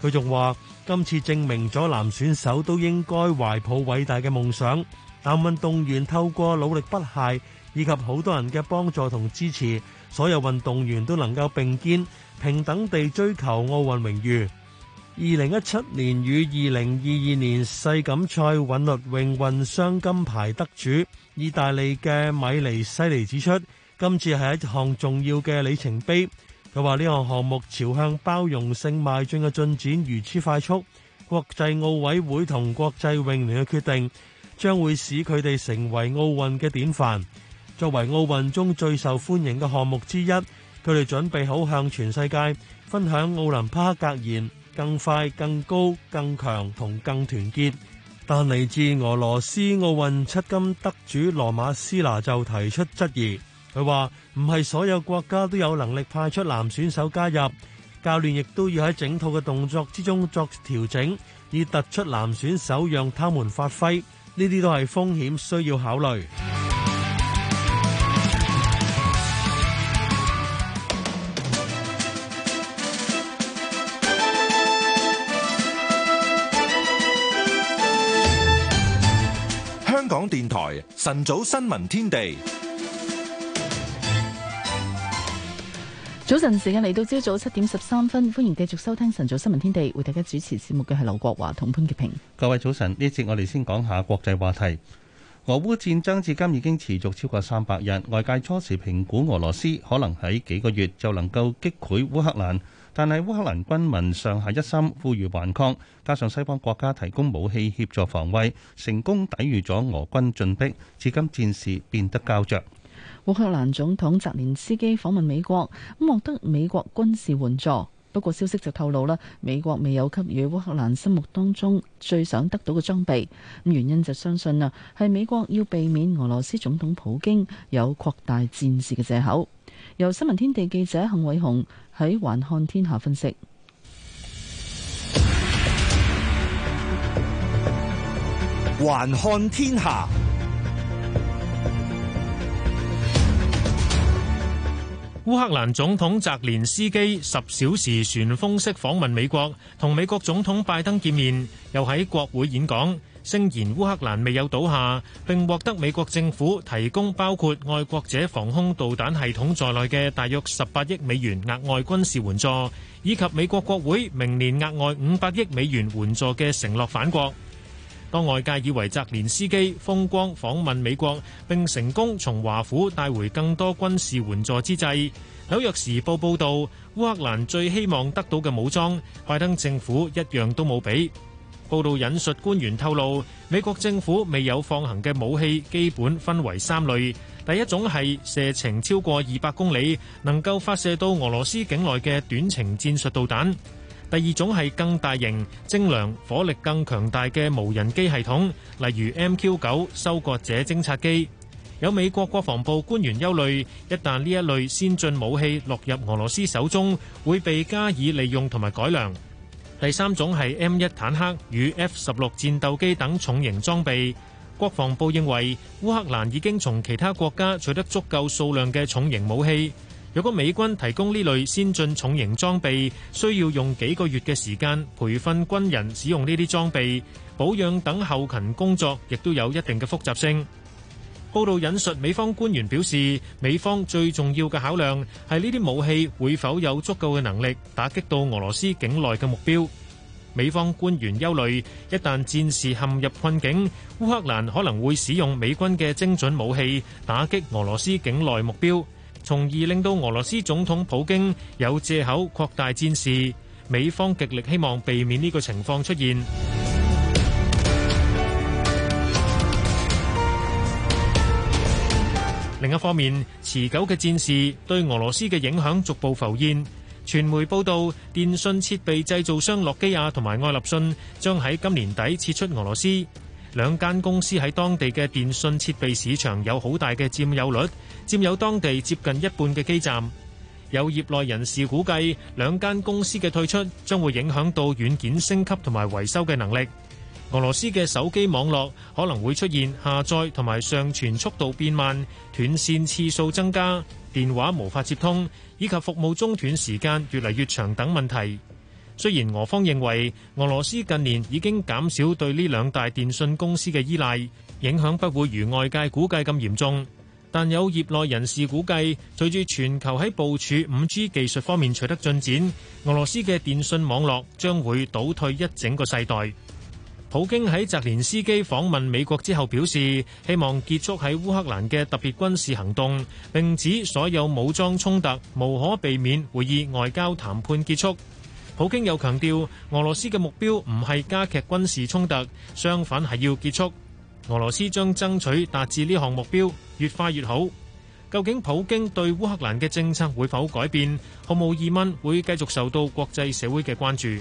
佢仲話：今次證明咗男選手都應該懷抱偉大嘅夢想，但運動員透過努力不懈以及好多人嘅幫助同支持，所有運動員都能夠並肩、平等地追求奧運榮譽。二零一七年與二零二二年世錦賽韻律泳運雙金牌得主、意大利嘅米尼西尼指出：今次係一項重要嘅里程碑。佢話呢項項目朝向包容性邁進嘅進展如此快速，國際奧委會同國際泳聯嘅決定將會使佢哋成為奧運嘅典範。作為奧運中最受歡迎嘅項目之一，佢哋準備好向全世界分享奧林匹克格言：更快、更高、更強同更團結。但嚟自俄羅斯奧運七金得主羅馬斯拿就提出質疑。佢話：唔係所有國家都有能力派出男選手加入，教練亦都要喺整套嘅動作之中作調整，以突出男選手讓他們發揮。呢啲都係風險，需要考慮。香港電台晨早新聞天地。早晨時間嚟到朝早七點十三分，歡迎繼續收聽晨早新聞天地，為大家主持節目嘅係劉國華同潘潔平。各位早晨，呢一節我哋先講下國際話題。俄烏戰爭至今已經持續超過三百日，外界初時評估俄羅斯可能喺幾個月就能夠擊潰烏克蘭，但係烏克蘭軍民上下一心，呼籲頑抗，加上西方國家提供武器協助防衛，成功抵禦咗俄軍進逼，至今戰事變得膠着。烏克蘭總統澤連斯基訪問美國，咁獲得美國軍事援助。不過消息就透露啦，美國未有給予烏克蘭心目當中最想得到嘅裝備。原因就相信啊，係美國要避免俄羅斯總統普京有擴大戰事嘅借口。由新聞天地記者幸偉雄喺環看天下分析。環看天下。烏克蘭總統澤連斯基十小時旋風式訪問美國，同美國總統拜登見面，又喺國會演講，聲言烏克蘭未有倒下，並獲得美國政府提供包括愛國者防空導彈系統在內嘅大約十八億美元額外軍事援助，以及美國國會明年額外五百億美元援助嘅承諾返國。當外界以為澤連斯基風光訪問美國，並成功從華府帶回更多軍事援助之際，《紐約時報》報導，烏克蘭最希望得到嘅武裝，拜登政府一樣都冇俾。報道引述官員透露，美國政府未有放行嘅武器，基本分為三類。第一種係射程超過二百公里，能夠發射到俄羅斯境內嘅短程戰術導彈。第二種係更大型、精良、火力更強大嘅無人機系統，例如 MQ 九收割者偵察機。有美國國防部官員憂慮，一旦呢一類先進武器落入俄羅斯手中，會被加以利用同埋改良。第三種係 M 一坦克與 F 十六戰鬥機等重型裝備。國防部認為，烏克蘭已經從其他國家取得足夠數量嘅重型武器。如果美軍提供呢類先進重型裝備，需要用幾個月嘅時間培訓軍人使用呢啲裝備，保養等後勤工作，亦都有一定嘅複雜性。報道引述美方官員表示，美方最重要嘅考量係呢啲武器會否有足夠嘅能力打擊到俄羅斯境內嘅目標，美方官員憂慮，一旦戰事陷入困境，烏克蘭可能會使用美軍嘅精準武器打擊俄羅斯境內目標。從而令到俄羅斯總統普京有借口擴大戰事，美方極力希望避免呢個情況出現。另一方面，持久嘅戰事對俄羅斯嘅影響逐步浮現。傳媒報道，電訊設備製造商諾基亞同埋愛立信將喺今年底撤出俄羅斯。兩間公司喺當地嘅電訊設備市場有好大嘅佔有率，佔有當地接近一半嘅基站。有業內人士估計，兩間公司嘅退出將會影響到軟件升級同埋維修嘅能力。俄羅斯嘅手機網絡可能會出現下載同埋上傳速度變慢、斷線次數增加、電話無法接通，以及服務中斷時間越嚟越長等問題。雖然俄方認為俄羅斯近年已經減少對呢兩大電訊公司嘅依賴，影響不會如外界估計咁嚴重，但有業內人士估計，隨住全球喺部署五 G 技術方面取得進展，俄羅斯嘅電訊網絡將會倒退一整個世代。普京喺澤連斯基訪問美國之後表示，希望結束喺烏克蘭嘅特別軍事行動，並指所有武裝衝突無可避免會以外交談判結束。普京又強調，俄羅斯嘅目標唔係加劇軍事衝突，相反係要結束。俄羅斯將爭取達至呢項目標，越快越好。究竟普京對烏克蘭嘅政策會否改變？毫無疑問會繼續受到國際社會嘅關注。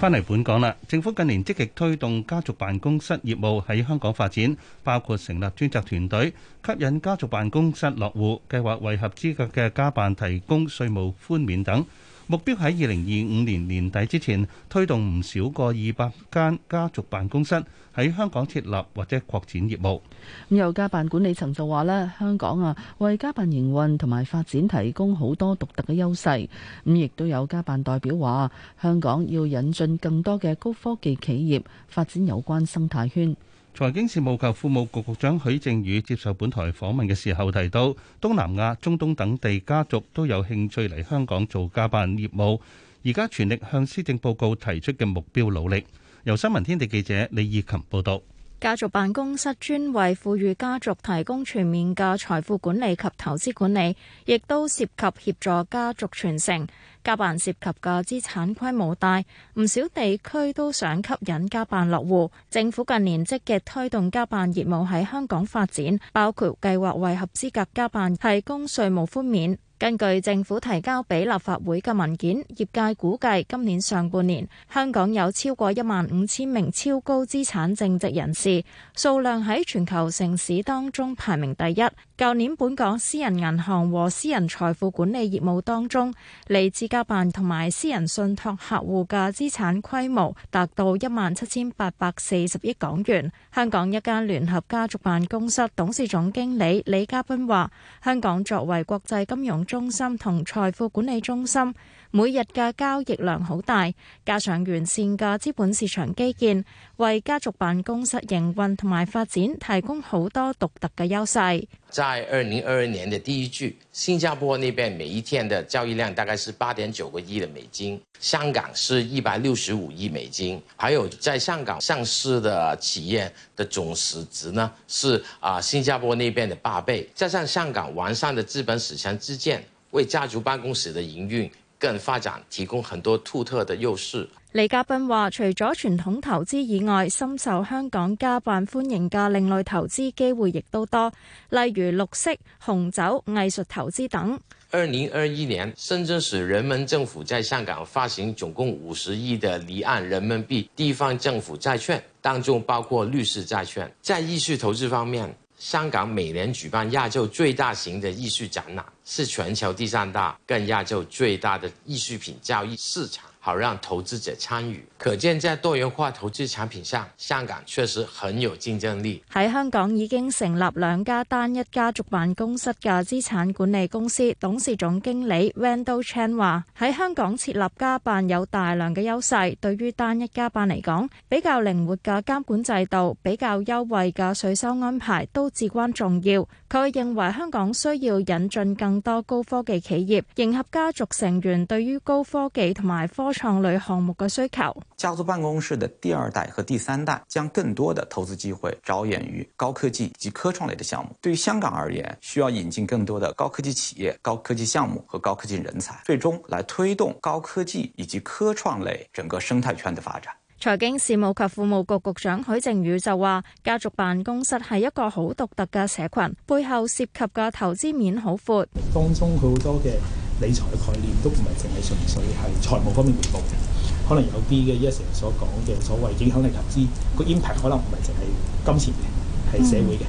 翻嚟本港啦，政府近年積極推動家族辦公室業務喺香港發展，包括成立專責團隊，吸引家族辦公室落戶，計劃為合資格嘅家辦提供稅務寬免等。目標喺二零二五年年底之前推動唔少過二百間家族辦公室喺香港設立或者擴展業務。有家辦管理層就話咧，香港啊為家辦營運同埋發展提供好多獨特嘅優勢。咁亦都有家辦代表話，香港要引進更多嘅高科技企業發展有關生態圈。財經事務及庫務局局長許正宇接受本台訪問嘅時候提到，東南亞、中東等地家族都有興趣嚟香港做家辦業務，而家全力向施政報告提出嘅目標努力。由新聞天地記者李以琴報道。家族辦公室專為富裕家族提供全面嘅財富管理及投資管理，亦都涉及協助家族傳承。家辦涉及嘅資產規模大，唔少地區都想吸引家辦落戶。政府近年積極推動家辦業務喺香港發展，包括計劃為合資格家辦提供稅務寬免。根據政府提交俾立法會嘅文件，業界估計今年上半年香港有超過一萬五千名超高資產淨值人士，數量喺全球城市當中排名第一。舊年本港私人銀行和私人財富管理業務當中，嚟自家辦同埋私人信託客戶嘅資產規模達到一萬七千八百四十億港元。香港一間聯合家族辦公室董事總經理李嘉斌話：香港作為國際金融中心同財富管理中心。每日嘅交易量好大，加上完善嘅資本市場基建，為家族辦公室營運同埋發展提供好多獨特嘅優勢。在二零二二年的第一季，新加坡呢邊每一天嘅交易量大概是八點九個億嘅美金，香港是一百六十五億美金，還有在香港上市嘅企業的總市值呢，是啊新加坡嗰邊嘅八倍。加上香港完善嘅資本市場基建，為家族辦公室嘅營運。更發展提供很多獨特的優勢。李嘉賓話：除咗傳統投資以外，深受香港家辦歡迎嘅另類投資機會亦都多，例如綠色、紅酒、藝術投資等。二零二一年，深圳市人民政府在香港發行總共五十億的離岸人民幣地方政府債券，當中包括綠色債券。在藝術投資方面，香港每年舉辦亞洲最大型嘅藝術展覽。是全球第三大、跟亞洲最大的藝術品交易市場。好讓投資者參與，可見在多元化投資產品上，香港確實很有競爭力。喺香港已經成立兩家單一家族辦公室嘅資產管理公司，董事總經理 Wendell Chan 話：喺香港設立家辦有大量嘅優勢，對於單一家辦嚟講，比較靈活嘅監管制度、比較優惠嘅稅收安排都至關重要。佢認為香港需要引進更多高科技企業，迎合家族成員對於高科技同埋科。科創類項目嘅需求，家族辦公室的第二代和第三代將更多的投資機會着眼於高科技以及科創類的項目。對於香港而言，需要引進更多的高科技企業、高科技項目和高科技人才，最終來推動高科技以及科創類整個生態圈的發展。財經事務及庫務局局長許正宇就話：家族辦公室係一個好獨特嘅社群，背後涉及嘅投資面好闊，當中好多嘅。理財嘅概念都唔係淨係純粹係財務方面回報嘅，可能有啲嘅依家成日所講嘅所謂影響力投資，個 impact 可能唔係淨係金錢嘅，係社會嘅，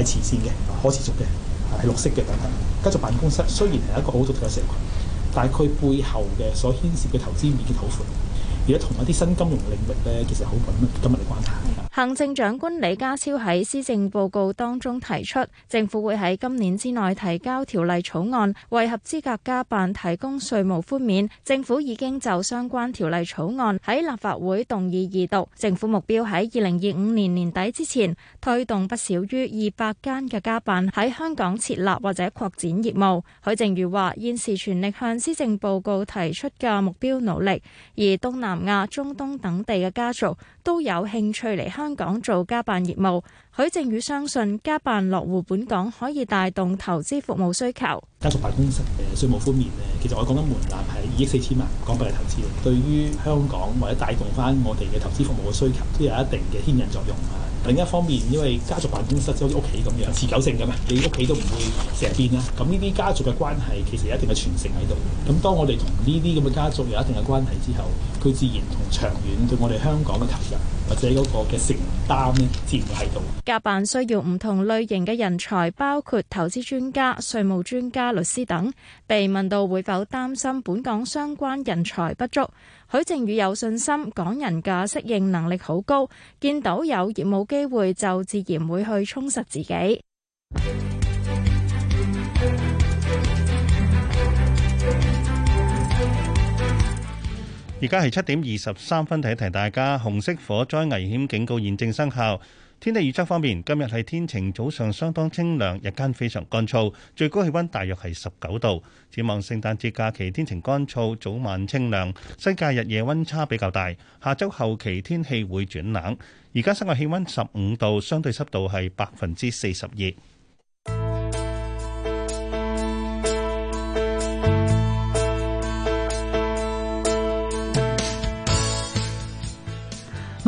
係慈善嘅，可持續嘅，係綠色嘅等等。家族辦公室雖然係一個好獨特嘅社群，但係佢背後嘅所牽涉嘅投資面積好闊。同一啲新金融領域咧，其實好緊密今日嘅關係。行政長官李家超喺施政報告當中提出，政府會喺今年之內提交條例草案，為合資格家辦提供稅務豁免。政府已經就相關條例草案喺立法會動議二讀。政府目標喺二零二五年年底之前推動不少於二百間嘅家辦喺香港設立或者擴展業務。許正宇話：現時全力向施政報告提出嘅目標努力，而東南。亞中東等地嘅家族都有興趣嚟香港做家辦業務。許正宇相信家辦落戶本港可以帶動投資服務需求。家族辦公室嘅稅務方面，呢其實我講緊門檻係二億四千萬港幣嘅投資。對於香港或者帶動翻我哋嘅投資服務嘅需求，都有一定嘅牽引作用。另一方面，因為家族辦公室即好似屋企咁樣，持久性嘅咩？你屋企都唔會成日變啦。咁呢啲家族嘅關係其實一定係傳承喺度。咁當我哋同呢啲咁嘅家族有一定嘅關係之後，佢自然同長遠對我哋香港嘅投入或者嗰個嘅承擔呢，自然會喺度。家辦需要唔同類型嘅人才，包括投資專家、稅務專家、律師等。被問到會否擔心本港相關人才不足。許正宇有信心，港人嘅適應能力好高，見到有業務機會就自然會去充實自己。而家係七點二十三分，提提大家，紅色火災危險警告現正生效。天氣預測方面，今日係天晴，早上相當清涼，日間非常乾燥，最高氣溫大約係十九度。展望聖誕節假期，天晴乾燥，早晚清涼，新界日夜溫差比較大。下周後期天氣會轉冷，而家室外氣溫十五度，相對濕度係百分之四十二。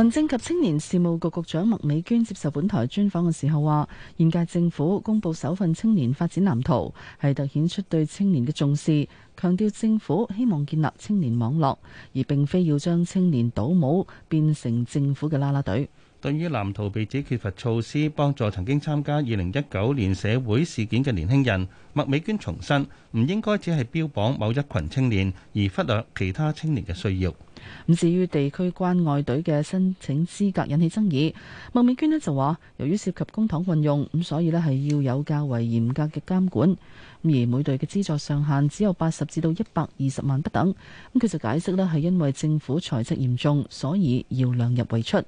民政及青年事務局局長麥美娟接受本台專訪嘅時候話，現屆政府公布首份青年發展藍圖，係突顯出對青年嘅重視，強調政府希望建立青年網絡，而並非要將青年倒模變成政府嘅啦啦隊。對於藍圖被指缺乏措施幫助曾經參加二零一九年社會事件嘅年輕人，麥美娟重申唔應該只係標榜某一群青年，而忽略其他青年嘅需要。咁至於地區關愛隊嘅申請資格引起爭議，麥美娟咧就話，由於涉及公帑運用咁，所以咧係要有較為嚴格嘅監管。而每隊嘅資助上限只有八十至到一百二十萬不等。咁佢就解釋呢係因為政府財赤嚴重，所以要量入為出。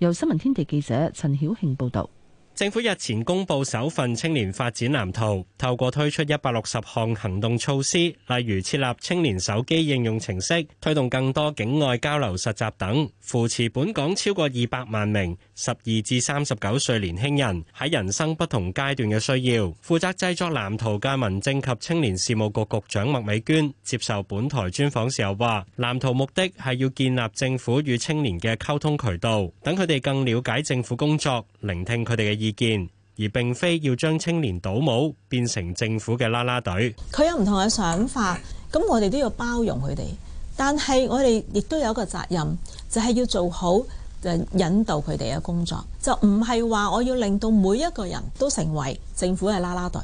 由新聞天地記者陳曉慶報道，政府日前公布首份青年發展藍圖，透過推出一百六十項行動措施，例如設立青年手機應用程式，推動更多境外交流實習等。扶持本港超過二百萬名十二至三十九歲年輕人喺人生不同階段嘅需要，負責製作藍圖嘅民政及青年事務局局，局長麥美娟接受本台專訪時候話，藍圖目的係要建立政府與青年嘅溝通渠道，等佢哋更了解政府工作，聆聽佢哋嘅意見，而並非要將青年倒模變成政府嘅啦啦隊。佢有唔同嘅想法，咁我哋都要包容佢哋。但係我哋亦都有一個責任，就係要做好誒引導佢哋嘅工作，就唔係話我要令到每一個人都成為政府嘅啦啦隊，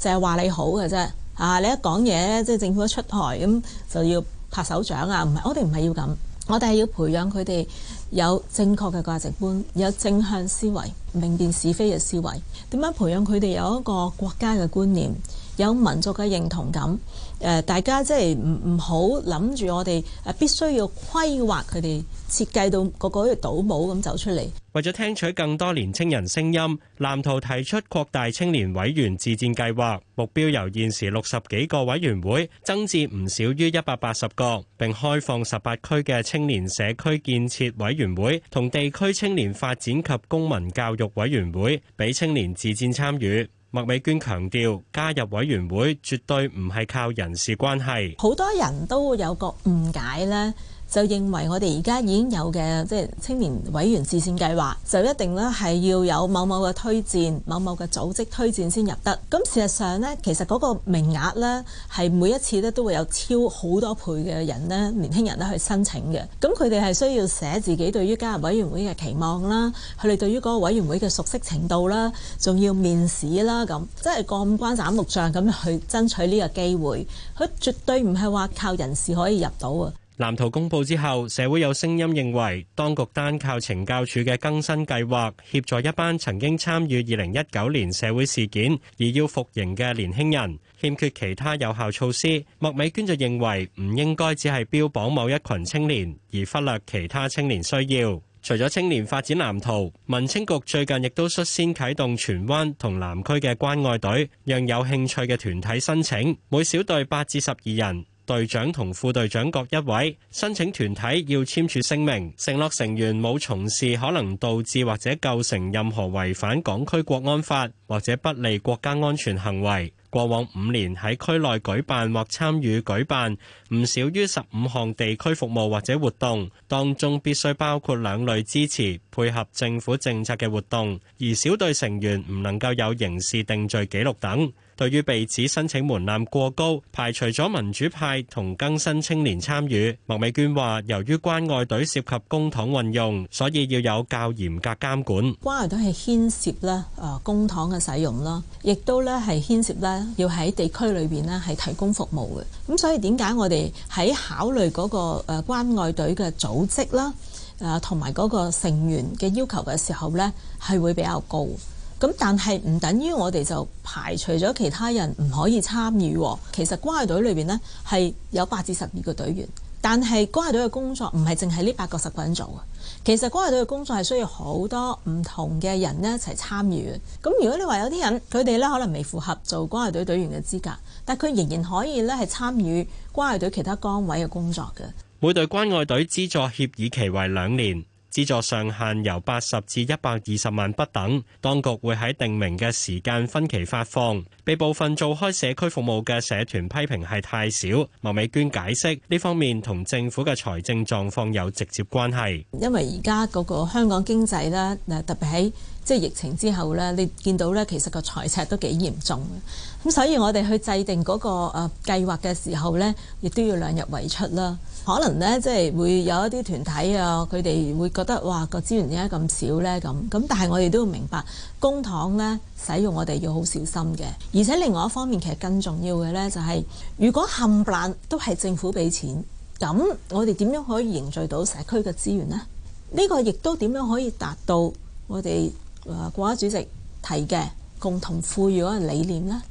就係話你好嘅啫。啊，你一講嘢即係政府一出台咁就要拍手掌啊！唔係，我哋唔係要咁，我哋係要培養佢哋有正確嘅價值觀，有正向思維、明辨是非嘅思維。點樣培養佢哋有一個國家嘅觀念，有民族嘅認同感？誒，大家即係唔唔好諗住我哋誒必須要規劃佢哋設計到個個去倒模咁走出嚟。為咗聽取更多年青人聲音，藍圖提出擴大青年委員自薦計劃，目標由現時六十幾個委員會增至唔少於一百八十個，並開放十八區嘅青年社區建設委員會同地區青年發展及公民教育委員會俾青年自薦參與。麥美娟強調，加入委員會絕對唔係靠人事關係，好多人都會有個誤解咧。就認為我哋而家已經有嘅，即係青年委員自薦計劃，就一定咧係要有某某嘅推薦、某某嘅組織推薦先入得。咁事實上呢，其實嗰個名額呢，係每一次咧都會有超好多倍嘅人呢年輕人咧去申請嘅。咁佢哋係需要寫自己對於加入委員會嘅期望啦，佢哋對於嗰個委員會嘅熟悉程度啦，仲要面試啦，咁即係過五關斬六將咁去爭取呢個機會。佢絕對唔係話靠人事可以入到啊！藍圖公布之後，社會有聲音認為當局單靠懲教署嘅更新計劃協助一班曾經參與二零一九年社會事件而要服刑嘅年輕人，欠缺其他有效措施。麥美娟就認為唔應該只係標榜某一群青年，而忽略其他青年需要。除咗青年發展藍圖，民青局最近亦都率先啟動荃灣同南區嘅關愛隊，讓有興趣嘅團體申請，每小隊八至十二人。隊長同副隊長各一位，申請團體要簽署聲明，承諾成員冇從事可能導致或者構成任何違反港區國安法或者不利國家安全行為。過往五年喺區內舉辦或參與舉辦唔少於十五項地區服務或者活動，當中必須包括兩類支持配合政府政策嘅活動，而小隊成員唔能夠有刑事定罪記錄等。對於被指申請門檻過高，排除咗民主派同更新青年參與，麥美娟話：由於關愛隊涉及公帑運用，所以要有較嚴格監管。關愛隊係牽涉咧誒公帑嘅使用啦，亦都咧係牽涉咧要喺地區裏邊咧係提供服務嘅。咁所以點解我哋喺考慮嗰個誒關愛隊嘅組織啦，誒同埋嗰個成員嘅要求嘅時候咧，係會比較高。咁但係唔等於我哋就排除咗其他人唔可以參與。其實關愛隊裏邊呢係有八至十二個隊員，但係關愛隊嘅工作唔係淨係呢八個十個人做嘅。其實關愛隊嘅工作係需要好多唔同嘅人呢一齊參與嘅。咁如果你話有啲人佢哋呢可能未符合做關愛隊隊員嘅資格，但佢仍然可以呢係參與關愛隊其他崗位嘅工作嘅。每隊關愛隊資助協議期為兩年。資助上限由八十至一百二十萬不等，當局會喺定明嘅時間分期發放，被部分做開社區服務嘅社團批評係太少。毛美娟解釋呢方面同政府嘅財政狀況有直接關係，因為而家嗰個香港經濟咧，特別喺即係疫情之後咧，你見到咧，其實個財赤都幾嚴重嘅。咁、嗯、所以，我哋去制定嗰、那個誒、呃、計劃嘅時候咧，亦都要量入為出啦。可能咧，即係會有一啲團體啊，佢哋會覺得哇，個資源點解咁少咧？咁咁，但係我哋都要明白公帑咧，使用，我哋要好小心嘅。而且另外一方面，其實更重要嘅咧就係、是，如果冚唪唥都係政府俾錢，咁我哋點樣可以凝聚到社區嘅資源咧？呢、這個亦都點樣可以達到我哋？誒，國家主席提嘅共同富裕嗰個理念呢，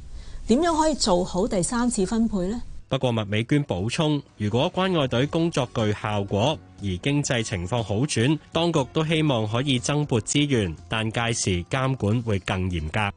點樣可以做好第三次分配呢？不過麥美娟補充，如果關愛隊工作具效果，而經濟情況好轉，當局都希望可以增撥資源，但屆時監管會更嚴格。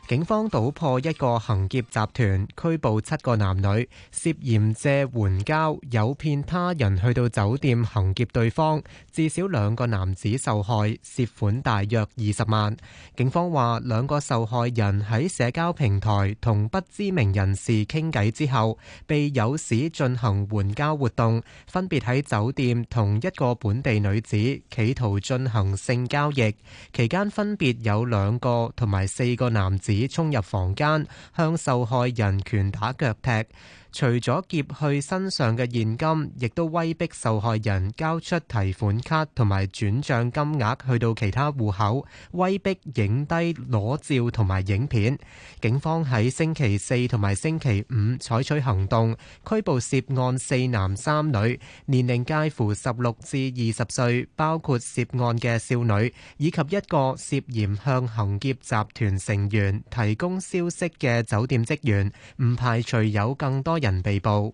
警方搗破一個行劫集團，拘捕七個男女，涉嫌借援交誘騙他人去到酒店行劫對方，至少兩個男子受害，涉款大約二十萬。警方話，兩個受害人喺社交平台同不知名人士傾偈之後，被誘使進行援交活動，分別喺酒店同一個本地女子企圖進行性交易，期間分別有兩個同埋四個男子。衝入房間，向受害人拳打腳踢。除咗劫去身上嘅現金，亦都威逼受害人交出提款卡同埋轉賬金額去到其他戶口，威逼影低裸照同埋影片。警方喺星期四同埋星期五採取行動，拘捕涉案四男三女，年齡介乎十六至二十歲，包括涉案嘅少女，以及一個涉嫌向行劫集團成員提供消息嘅酒店職員，唔排除有更多。人被捕。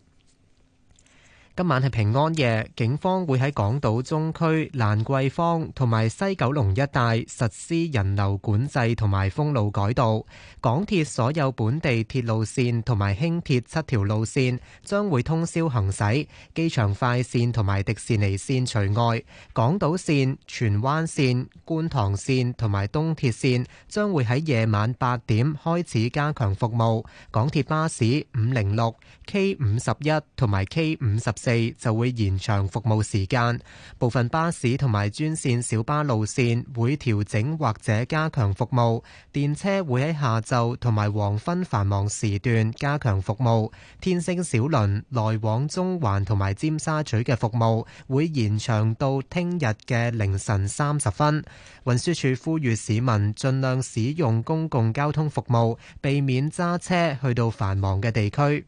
今晚係平安夜，警方會喺港島中區、蘭桂坊同埋西九龍一帶實施人流管制同埋封路改道。港鐵所有本地鐵路線同埋輕鐵七條路線將會通宵行駛，機場快線同埋迪士尼線除外。港島線、荃灣線、觀塘線同埋東鐵線將會喺夜晚八點開始加強服務。港鐵巴士五零六、K 五十一同埋 K 五十地就會延長服務時間，部分巴士同埋專線小巴路線會調整或者加強服務，電車會喺下晝同埋黃昏繁忙時段加強服務，天星小輪來往中環同埋尖沙咀嘅服務會延長到聽日嘅凌晨三十分。運輸署呼籲市民盡量使用公共交通服務，避免揸車去到繁忙嘅地區。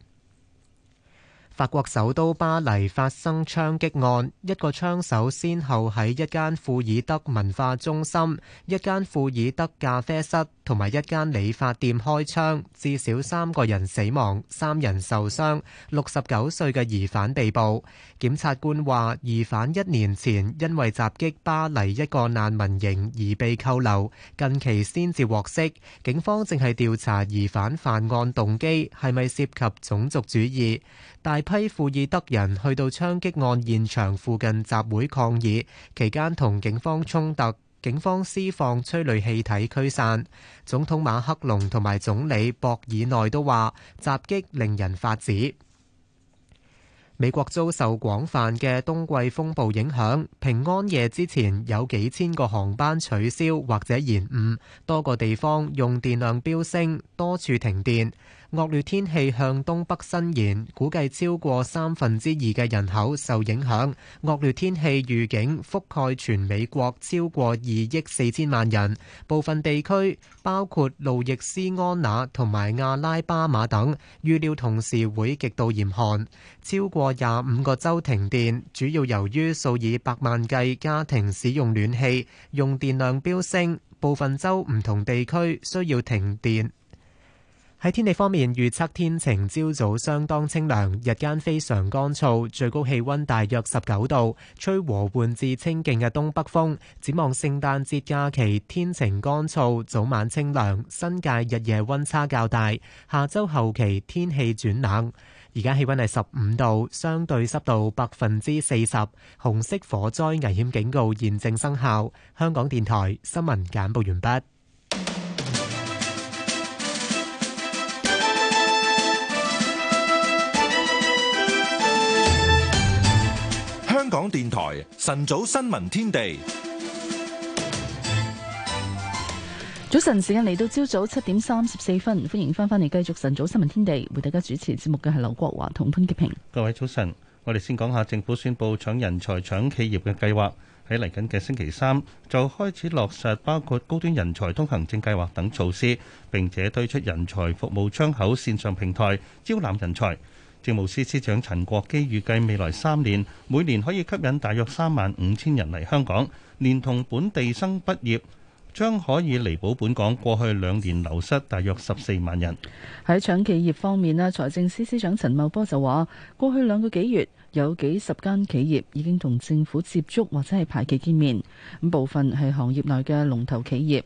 法國首都巴黎發生槍擊案，一個槍手先後喺一間庫爾德文化中心、一間庫爾德咖啡室同埋一間理髮店開槍，至少三個人死亡，三人受傷，六十九歲嘅疑犯被捕。檢察官話，疑犯一年前因為襲擊巴黎一個難民營而被扣留，近期先至獲釋。警方正係調查疑犯犯，犯案動機，係咪涉及種族主義？大批庫爾德人去到槍擊案現場附近集會抗議，期間同警方衝突，警方施放催淚氣體驅散。總統馬克龍同埋總理博爾內都話，襲擊令人髮指。美國遭受廣泛嘅冬季風暴影響，平安夜之前有幾千個航班取消或者延誤，多個地方用電量飆升，多處停電。惡劣天氣向東北伸延，估計超過三分之二嘅人口受影響。惡劣天氣預警覆蓋全美國超過二億四千萬人，部分地區包括路易斯安那同埋阿拉巴馬等，預料同時會極度嚴寒。超過廿五個州停電，主要由於數以百萬計家庭使用暖氣，用電量飆升，部分州唔同地區需要停電。喺天氣方面，預測天晴，朝早相當清涼，日間非常乾燥，最高氣溫大約十九度，吹和緩至清勁嘅東北風。展望聖誕節假期，天晴乾燥，早晚清涼，新界日夜溫差較大。下周後期天氣轉冷。而家氣溫係十五度，相對濕度百分之四十，紅色火災危險警告現正生效。香港電台新聞簡報完畢。電台晨早新聞天地，早晨。時間嚟到朝早七點三十四分，歡迎翻返嚟繼續晨早新聞天地，為大家主持節目嘅係劉國華同潘潔平。各位早晨，我哋先講下政府宣布搶人才、搶企業嘅計劃，喺嚟緊嘅星期三就開始落實，包括高端人才通行證計劃等措施，並且推出人才服務窗口線上平台，招攬人才。政務司司長陳國基預計未來三年每年可以吸引大約三萬五千人嚟香港，連同本地生畢業，將可以彌補本港過去兩年流失大約十四萬人。喺搶企業方面咧，財政司司長陳茂波就話，過去兩個幾月有幾十間企業已經同政府接觸或者係排期見面，咁部分係行業內嘅龍頭企業。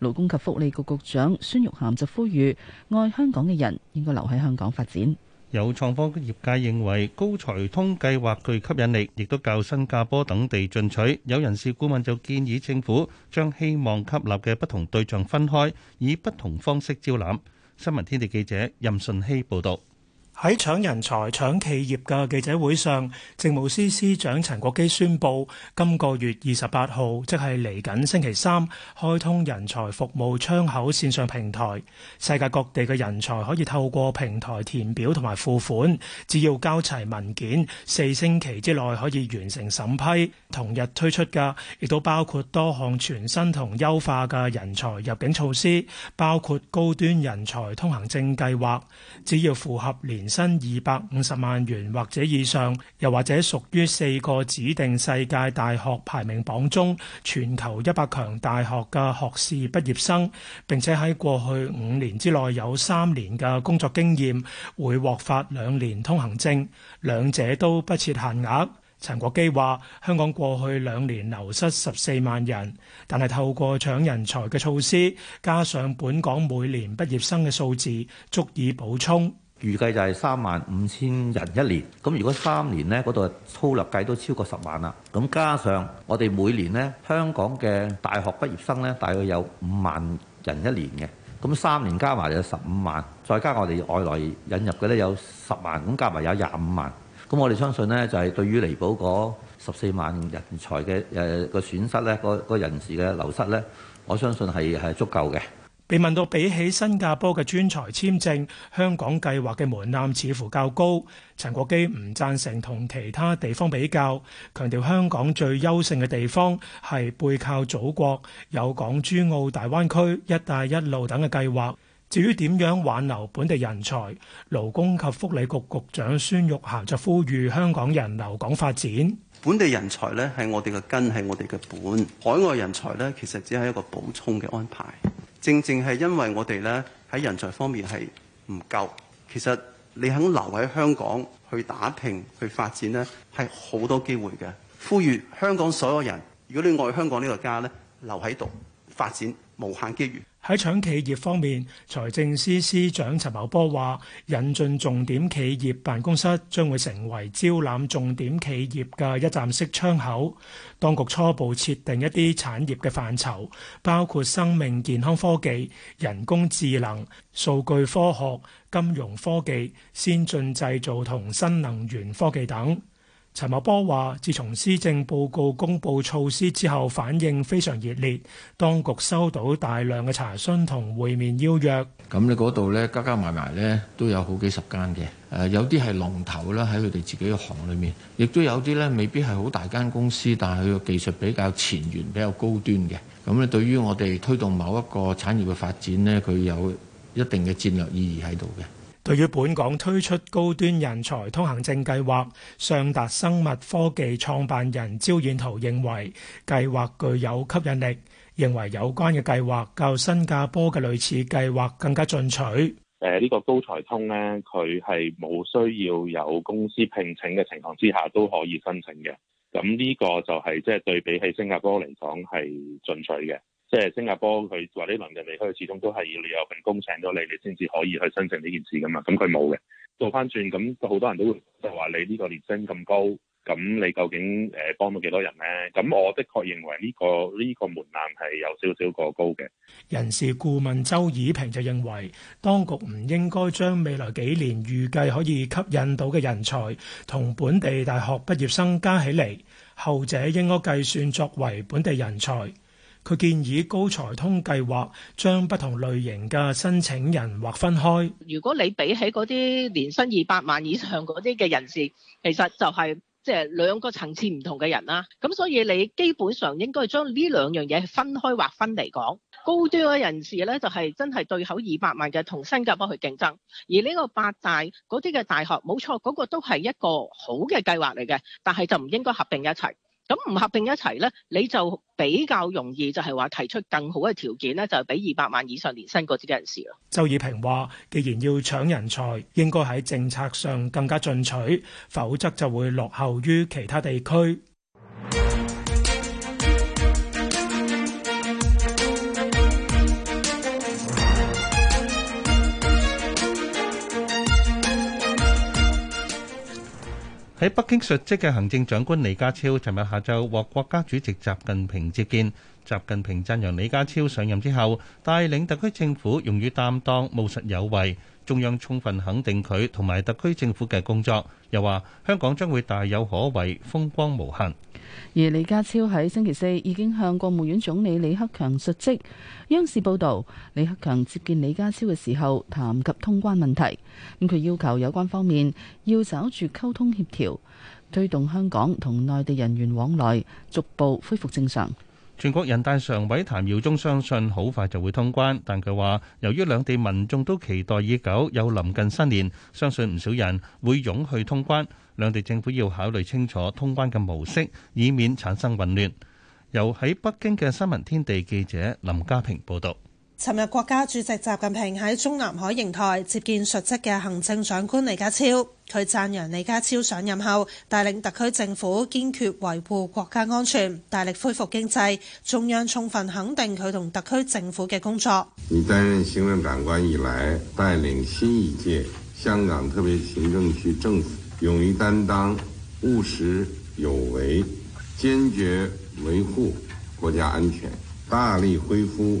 勞工及福利局局，局長孫玉涵就呼籲愛香港嘅人應該留喺香港發展。有創科業界認為高才通計劃具吸引力，亦都較新加坡等地進取。有人事顧問就建議政府將希望吸納嘅不同對象分開，以不同方式招攬。新聞天地記者任順希報導。喺搶人才，搶企業嘅記者會上，政務司司長陳國基宣布，今個月二十八號，即係嚟緊星期三，開通人才服務窗口線上平台。世界各地嘅人才可以透過平台填表同埋付款，只要交齊文件，四星期之內可以完成審批。同日推出嘅，亦都包括多項全新同優化嘅人才入境措施，包括高端人才通行證計劃，只要符合年。薪二百五十萬元或者以上，又或者屬於四個指定世界大學排名榜中全球一百強大學嘅學士畢業生，並且喺過去五年之內有三年嘅工作經驗，會獲發兩年通行證。兩者都不設限額。陳國基話：香港過去兩年流失十四萬人，但係透過搶人才嘅措施，加上本港每年畢業生嘅數字，足以補充。預計就係三萬五千人一年，咁如果三年呢，嗰度粗略計都超過十萬啦。咁加上我哋每年呢，香港嘅大學畢業生呢，大約有五萬人一年嘅，咁三年加埋有十五萬，再加我哋外來引入嘅呢，有十萬，咁加埋有廿五萬。咁我哋相信呢，就係、是、對於彌補嗰十四萬人才嘅誒個損失呢，嗰個人士嘅流失呢，我相信係係足夠嘅。被問到比起新加坡嘅專才簽證，香港計劃嘅門檻似乎較高，陳國基唔贊成同其他地方比較，強調香港最優勝嘅地方係背靠祖國，有港珠澳大灣區、一帶一路等嘅計劃。至於點樣挽留本地人才，勞工及福利局局長孫玉霞就呼籲香港人留港發展。本地人才呢，係我哋嘅根，係我哋嘅本。海外人才呢，其實只係一個補充嘅安排。正正係因為我哋咧喺人才方面係唔夠，其實你肯留喺香港去打拼去發展咧，係好多機會嘅。呼籲香港所有人，如果你愛香港呢個家咧，留喺度發展無限機遇。喺搶企業方面，財政司司長陳茂波話：引進重點企業辦公室將會成為招攬重點企業嘅一站式窗口。當局初步設定一啲產業嘅範疇，包括生命健康科技、人工智能、數據科學、金融科技、先進製造同新能源科技等。陳茂波話，自從施政報告公布措施之後，反應非常熱烈，當局收到大量嘅查詢同會面邀約。咁你嗰度咧，加加埋埋咧，都有好幾十間嘅。誒，有啲係龍頭啦，喺佢哋自己嘅行裏面，亦都有啲咧，未必係好大間公司，但係佢嘅技術比較前沿、比較高端嘅。咁咧，對於我哋推動某一個產業嘅發展咧，佢有一定嘅戰略意義喺度嘅。對於本港推出高端人才通行證計劃，上達生物科技創辦人焦遠圖認為計劃具有吸引力，認為有關嘅計劃較新加坡嘅類似計劃更加進取。誒呢個高才通咧，佢係冇需要有公司聘請嘅情況之下都可以申請嘅，咁呢個就係即係對比起新加坡嚟講係進取嘅。即係新加坡，佢話呢輪人哋，佢始終都係要你有份工請咗你，你先至可以去申請呢件事噶嘛。咁佢冇嘅，做返轉咁，好多人都會就話你呢個年薪咁高，咁你究竟誒幫到幾多人呢？咁我的確認為呢個呢個門檻係有少少過高嘅。人事顧問周以平就認為，當局唔應該將未來幾年預計可以吸引到嘅人才同本地大學畢業生加起嚟，後者應該計算作為本地人才。佢建議高才通計劃將不同類型嘅申請人劃分開。如果你比起嗰啲年薪二百萬以上嗰啲嘅人士，其實就係即係兩個層次唔同嘅人啦。咁所以你基本上應該將呢兩樣嘢分開劃分嚟講，高端嘅人士咧就係真係對口二百萬嘅，同新加坡去競爭。而呢個八大嗰啲嘅大學，冇錯，嗰個都係一個好嘅計劃嚟嘅，但係就唔應該合併一齊。咁唔合併一齊呢，你就比較容易就係話提出更好嘅條件呢，就係俾二百萬以上年薪嗰啲人士咯。周以平話，既然要搶人才，應該喺政策上更加進取，否則就會落後於其他地區。喺北京述職嘅行政長官李家超，尋日下晝獲國家主席習近平接見，習近平讚揚李家超上任之後帶領特區政府勇於擔當、務實有為。中央充分肯定佢同埋特區政府嘅工作，又話香港將會大有可為，風光無限。而李家超喺星期四已經向國務院總理李克強述職。央視報道，李克強接見李家超嘅時候談及通關問題，佢要求有關方面要找住溝通協調，推動香港同內地人員往來逐步恢復正常。全國人大常委譚耀宗相信好快就會通關，但佢話由於兩地民眾都期待已久，又臨近新年，相信唔少人會湧去通關。兩地政府要考慮清楚通關嘅模式，以免產生混亂。由喺北京嘅新聞天地記者林家平報道。尋日，國家主席習近平喺中南海瀛台接見述職嘅行政長官李家超，佢讚揚李家超上任後帶領特區政府堅決維護國家安全，大力恢復經濟。中央充分肯定佢同特區政府嘅工作。你擔任行政長官以來，帶領新一屆香港特別行政區政府，勇於擔當，務實有為，堅決維護國家安全，大力恢復。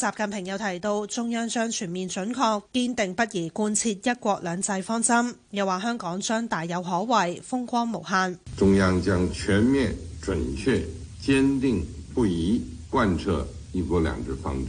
習近平又提到，中央將全面準確、堅定不移貫徹一國兩制方針，又話香港將大有可為、風光無限。中央將全面準確、堅定不移貫徹一國兩制方針，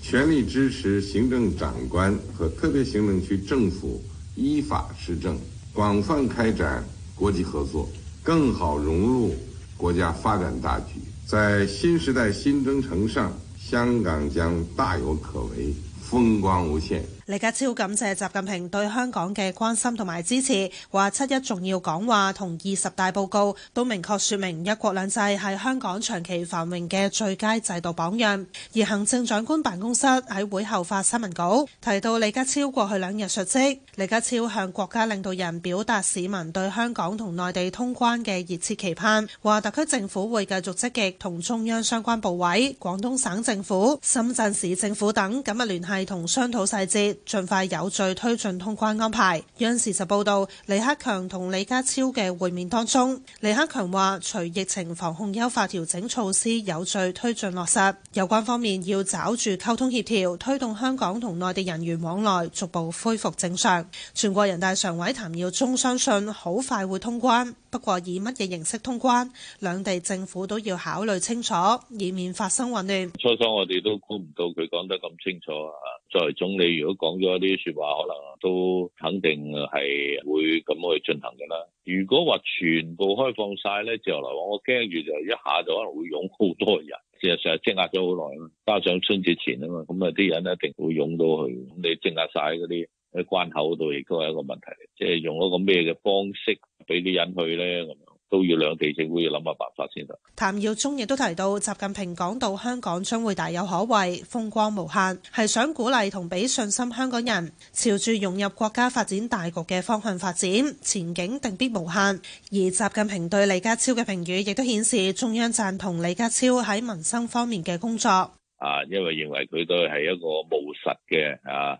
全力支持行政長官和特別行政區政府依法施政，廣泛開展國際合作，更好融入國家發展大局，在新時代新征程上。香港將大有可為，風光無限。李家超感謝習近平對香港嘅關心同埋支持，話七一重要講話同二十大報告都明確說明一國兩制係香港長期繁榮嘅最佳制度榜樣，而行政長官辦公室喺會後發新聞稿，提到李家超過去兩日述職，李家超向國家領導人表達市民對香港同內地通關嘅熱切期盼，話特區政府會繼續積極同中央相關部委、廣東省政府、深圳市政府等緊密聯繫同商討細節。盡快有序推進通關安排。央視就報道，李克強同李家超嘅會面當中，李克強話，隨疫情防控優化調整措施有序推進落實，有關方面要找住溝通協調，推動香港同內地人員往來逐步恢復正常。全國人大常委譚耀宗相信，好快會通關，不過以乜嘢形式通關，兩地政府都要考慮清楚，以免發生混亂。初初我哋都估唔到佢講得咁清楚啊！作為總理，如果講咗一啲説話，可能都肯定係會咁去進行嘅啦。如果話全部開放晒咧自由來往，我驚住就一下就可能會擁好多人，事實上係積壓咗好耐，加上春節前啊嘛，咁啊啲人一定會擁到去，咁你積壓晒嗰啲喺關口度，亦都係一個問題嚟，即係用一個咩嘅方式俾啲人去咧咁。都要兩地政府要諗下辦法先啦。譚耀宗亦都提到，習近平講到香港將會大有可為，風光無限，係想鼓勵同俾信心香港人，朝住融入國家發展大局嘅方向發展，前景定必無限。而習近平對李家超嘅評語，亦都顯示中央贊同李家超喺民生方面嘅工作。啊，因為認為佢都係一個務實嘅啊，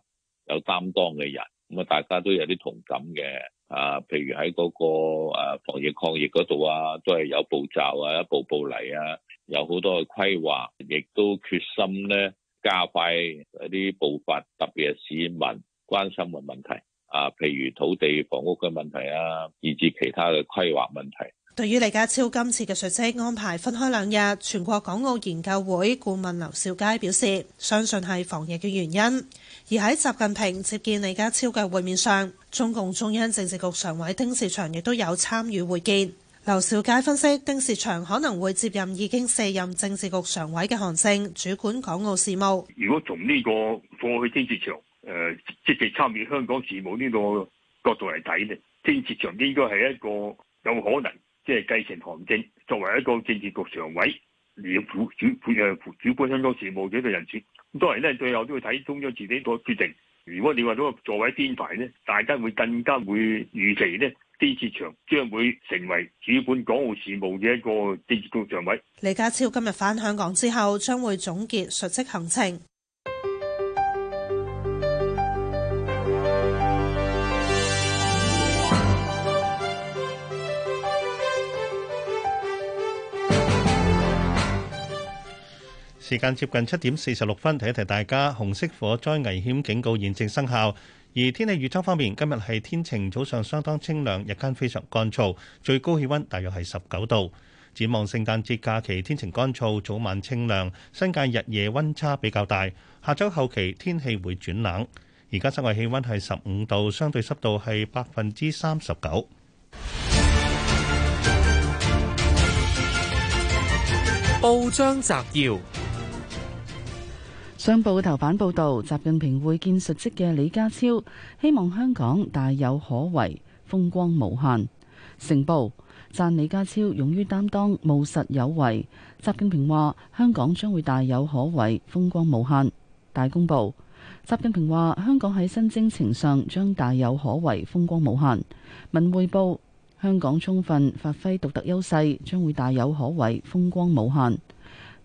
有擔當嘅人，咁啊，大家都有啲同感嘅。啊，譬如喺嗰個防疫抗疫嗰度啊，都係有步驟啊，一步步嚟啊，有好多嘅規劃，亦都決心呢，加快一啲步伐，特別係市民關心嘅問題啊，譬如土地、房屋嘅問題啊，以至其他嘅規劃問題。對於李家超今次嘅述職安排分開兩日，全國港澳研究會顧問劉兆佳表示，相信係防疫嘅原因。而喺習近平接見李家超嘅會面上，中共中央政治局常委丁薛祥亦都有參與會見。劉兆佳分析，丁薛祥可能會接任已經卸任政治局常委嘅韓正，主管港澳事務。如果從呢個過去丁薛祥誒積極參與香港事務呢個角度嚟睇咧，丁薛祥應該係一個有可能即係、就是、繼承韓正作為一個政治局常委嚟主主誒主管香港事務嘅一個人選。咁多人咧，最後都會睇中央自己個決定。如果你話咗個座位編排呢，大家會更加會預期呢。呢次場將會成為主管港澳事務嘅一個政治局常委。李家超今日返香港之後，將會總結述職行程。時間接近七點四十六分，提一提大家，紅色火災危險警告現正生效。而天氣預測方面，今日係天晴，早上相當清涼，日間非常乾燥，最高氣溫大約係十九度。展望聖誕節假期，天晴乾燥，早晚清涼，新界日夜温差比較大。下周後期天氣會轉冷，而家室外氣溫係十五度，相對濕度係百分之三十九。報章摘要。上報嘅頭版報導，習近平會見述職嘅李家超，希望香港大有可為，風光無限。成報讚李家超勇於擔當，務實有為。習近平話：香港將會大有可為，風光無限。大公報習近平話：香港喺新征程上將大有可為，風光無限。文匯報香港充分發揮獨特優勢，將會大有可為，風光無限。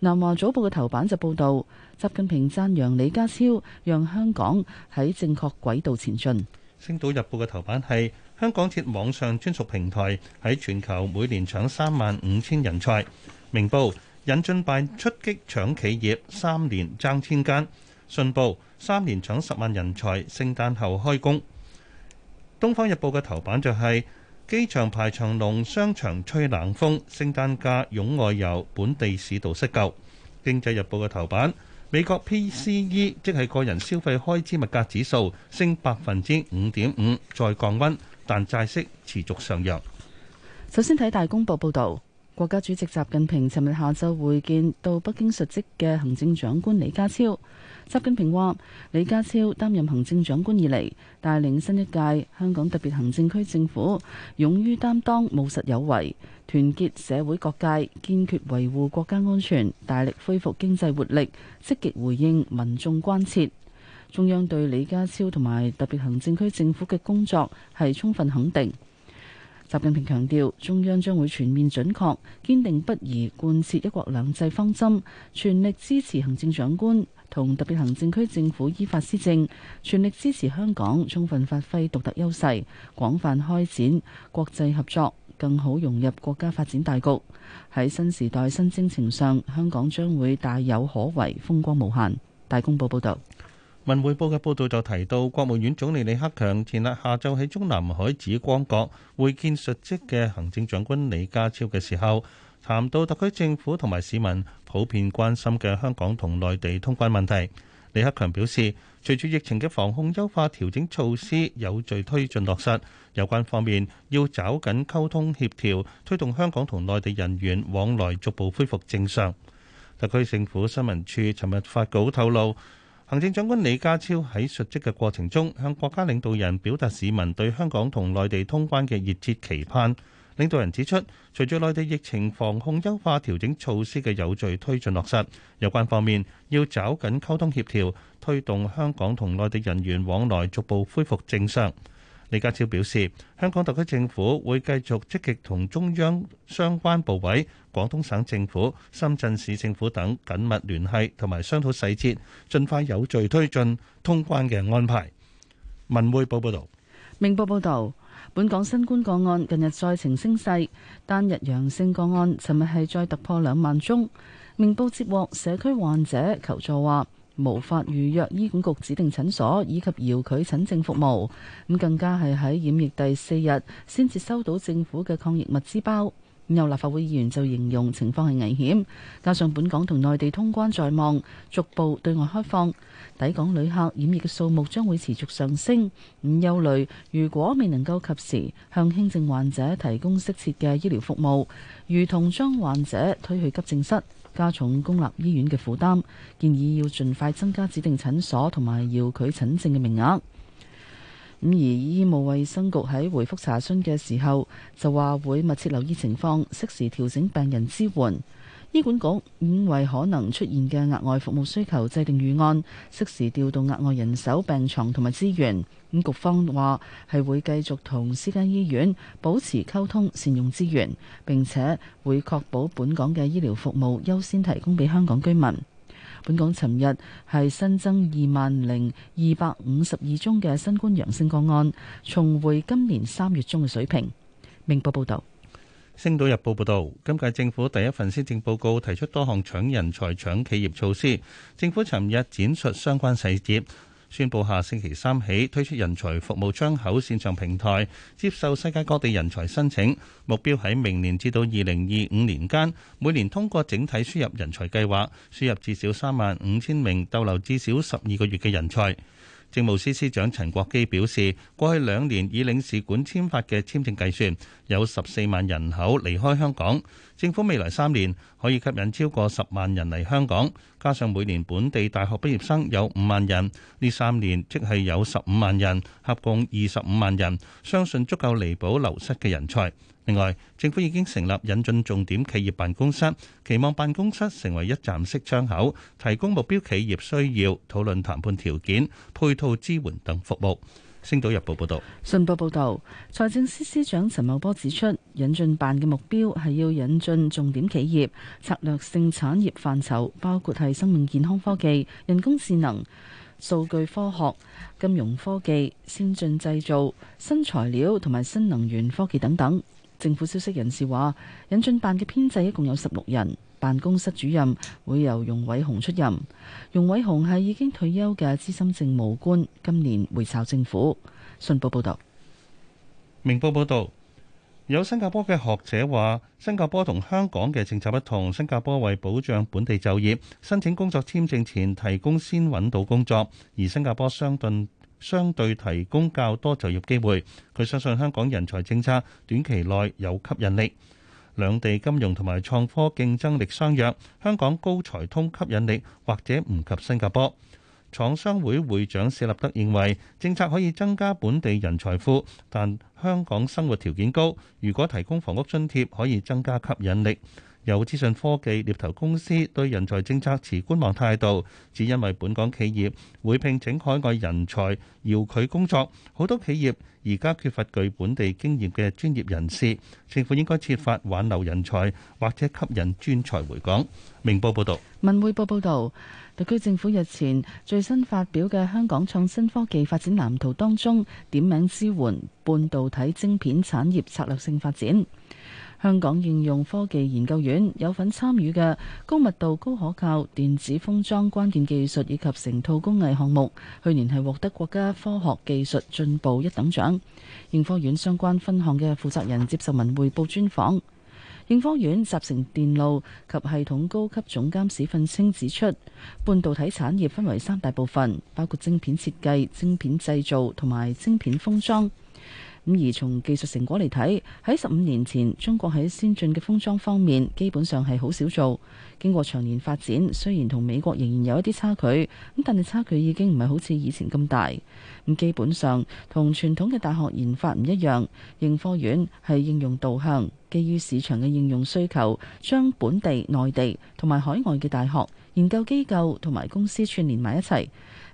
南華早報嘅頭版就報導。習近平讚揚李家超，讓香港喺正確軌道前進。星島日報嘅頭版係香港設網上專屬平台，喺全球每年搶三萬五千人才。明報引進辦出擊搶企業，三年爭千間。信報三年搶十萬人才，聖誕後開工。東方日報嘅頭版就係、是、機場排長龍，商場吹冷風，聖誕假湧外遊，本地市道失救。經濟日報嘅頭版。美國 PCE 即係個人消費開支物價指數升百分之五點五，再降溫，但債息持續上揚。首先睇大公報報導，國家主席習近平尋日下晝會見到北京述職嘅行政長官李家超。習近平話：李家超擔任行政長官以嚟，帶領新一屆香港特別行政區政府，勇於擔當，務實有為。團結社會各界，堅決維護國家安全，大力恢復經濟活力，積極回應民眾關切。中央對李家超同埋特別行政區政府嘅工作係充分肯定。習近平強調，中央將會全面準確、堅定不移貫徹一國兩制方針，全力支持行政長官同特別行政區政府依法施政，全力支持香港充分發揮獨特優勢，廣泛開展國際合作。更好融入國家發展大局，喺新時代新征程上，香港將會大有可為，風光無限。大公報報道，文匯報嘅報道就提到，國務院總理李克強前日下晝喺中南海紫光閣會見述職嘅行政長官李家超嘅時候，談到特區政府同埋市民普遍關心嘅香港同內地通關問題。李克強表示，隨住疫情嘅防控優化調整措施有序推進落實，有關方面要抓緊溝通協調，推動香港同內地人員往來逐步恢復正常。特區政府新聞處尋日發稿透露，行政長官李家超喺述職嘅過程中，向國家領導人表達市民對香港同內地通關嘅熱切期盼。領導人指出，隨住內地疫情防控優化調整措施嘅有序推進落實，有關方面要抓緊溝通協調，推動香港同內地人員往來逐步恢復正常。李家超表示，香港特區政府會繼續積極同中央相關部委、廣東省政府、深圳市政府等緊密聯繫，同埋商討細節，盡快有序推進通關嘅安排。文匯報報道。明報報導。本港新冠個案近日再呈升勢，單日陽性個案，尋日係再突破兩萬宗。明報接獲社區患者求助話無法預約醫管局指定診所以及遙距診症服務，咁更加係喺染疫第四日先至收到政府嘅抗疫物資包。有立法會議員就形容情況係危險，加上本港同內地通關在望，逐步對外開放，抵港旅客染疫嘅數目將會持續上升。咁憂慮，如果未能夠及時向輕症患者提供適切嘅醫療服務，如同將患者推去急症室，加重公立醫院嘅負擔。建議要盡快增加指定診所同埋遙距診症嘅名額。咁而醫務衛生局喺回覆查詢嘅時候就話會密切留意情況，適時調整病人支援。醫管局已為可能出現嘅額外服務需求制定預案，適時調動額外人手、病床同埋資源。咁局方話，係會繼續同私家醫院保持溝通，善用資源，並且會確保本港嘅醫療服務優先提供俾香港居民。本港尋日係新增二萬零二百五十二宗嘅新冠陽性個案，重回今年三月中嘅水平。明報報導，《星島日報》報道，今屆政府第一份施政報告提出多項搶人才、搶企業措施，政府尋日展述相關細節。宣佈下星期三起推出人才服務窗口綫上平台，接受世界各地人才申請。目標喺明年至到二零二五年間，每年通過整體輸入人才計劃，輸入至少三萬五千名逗留至少十二個月嘅人才。政務司司長陳國基表示，過去兩年以領事館簽發嘅簽證計算，有十四萬人口離開香港。政府未來三年可以吸引超過十萬人嚟香港，加上每年本地大學畢業生有五萬人，呢三年即係有十五萬人，合共二十五萬人，相信足夠彌補流失嘅人才。另外，政府已經成立引進重點企業辦公室，期望辦公室成為一站式窗口，提供目標企業需要討論談判條件、配套支援等服務。星島日報報道。信報報道，財政司司長陳茂波指出，引進辦嘅目標係要引進重點企業策略性產業範疇，包括係生命健康科技、人工智能、數據科學、金融科技、先進製造、新材料同埋新能源科技等等。政府消息人士話，引進辦嘅編制一共有十六人，辦公室主任會由容偉雄出任。容偉雄係已經退休嘅資深政務官，今年回巢政府。信報報導，明報報道：有新加坡嘅學者話，新加坡同香港嘅政策不同，新加坡為保障本地就業，申請工作簽證前提供先揾到工作，而新加坡相對。相對提供較多就業機會，佢相信香港人才政策短期內有吸引力。兩地金融同埋創科競爭力相若，香港高才通吸引力或者唔及新加坡。廠商會會長史立德認為，政策可以增加本地人才庫，但香港生活條件高，如果提供房屋津貼可以增加吸引力。有資訊科技獵頭公司對人才政策持觀望態度，只因為本港企業會聘請海外人才遙距工作，好多企業而家缺乏具本地經驗嘅專業人士，政府應該設法挽留人才或者吸引專才回港。明報報道。文匯報報道，特區政府日前最新發表嘅《香港創新科技發展藍圖》當中，點名支援半導體晶片產業策略性發展。香港應用科技研究院有份參與嘅高密度高可靠電子封裝關鍵技術以及成套工藝項目，去年係獲得國家科學技術進步一等獎，應科院相關分項嘅負責人接受文匯報專訪，應科院集成電路及系統高級總監史憲清指出，半導體產業分為三大部分，包括晶片設計、晶片製造同埋晶片封裝。咁而從技術成果嚟睇，喺十五年前，中國喺先進嘅封裝方面基本上係好少做。經過長年發展，雖然同美國仍然有一啲差距，咁但係差距已經唔係好似以前咁大。咁基本上同傳統嘅大學研發唔一樣，應科院係應用導向，基於市場嘅應用需求，將本地、內地同埋海外嘅大學、研究機構同埋公司串聯埋一齊。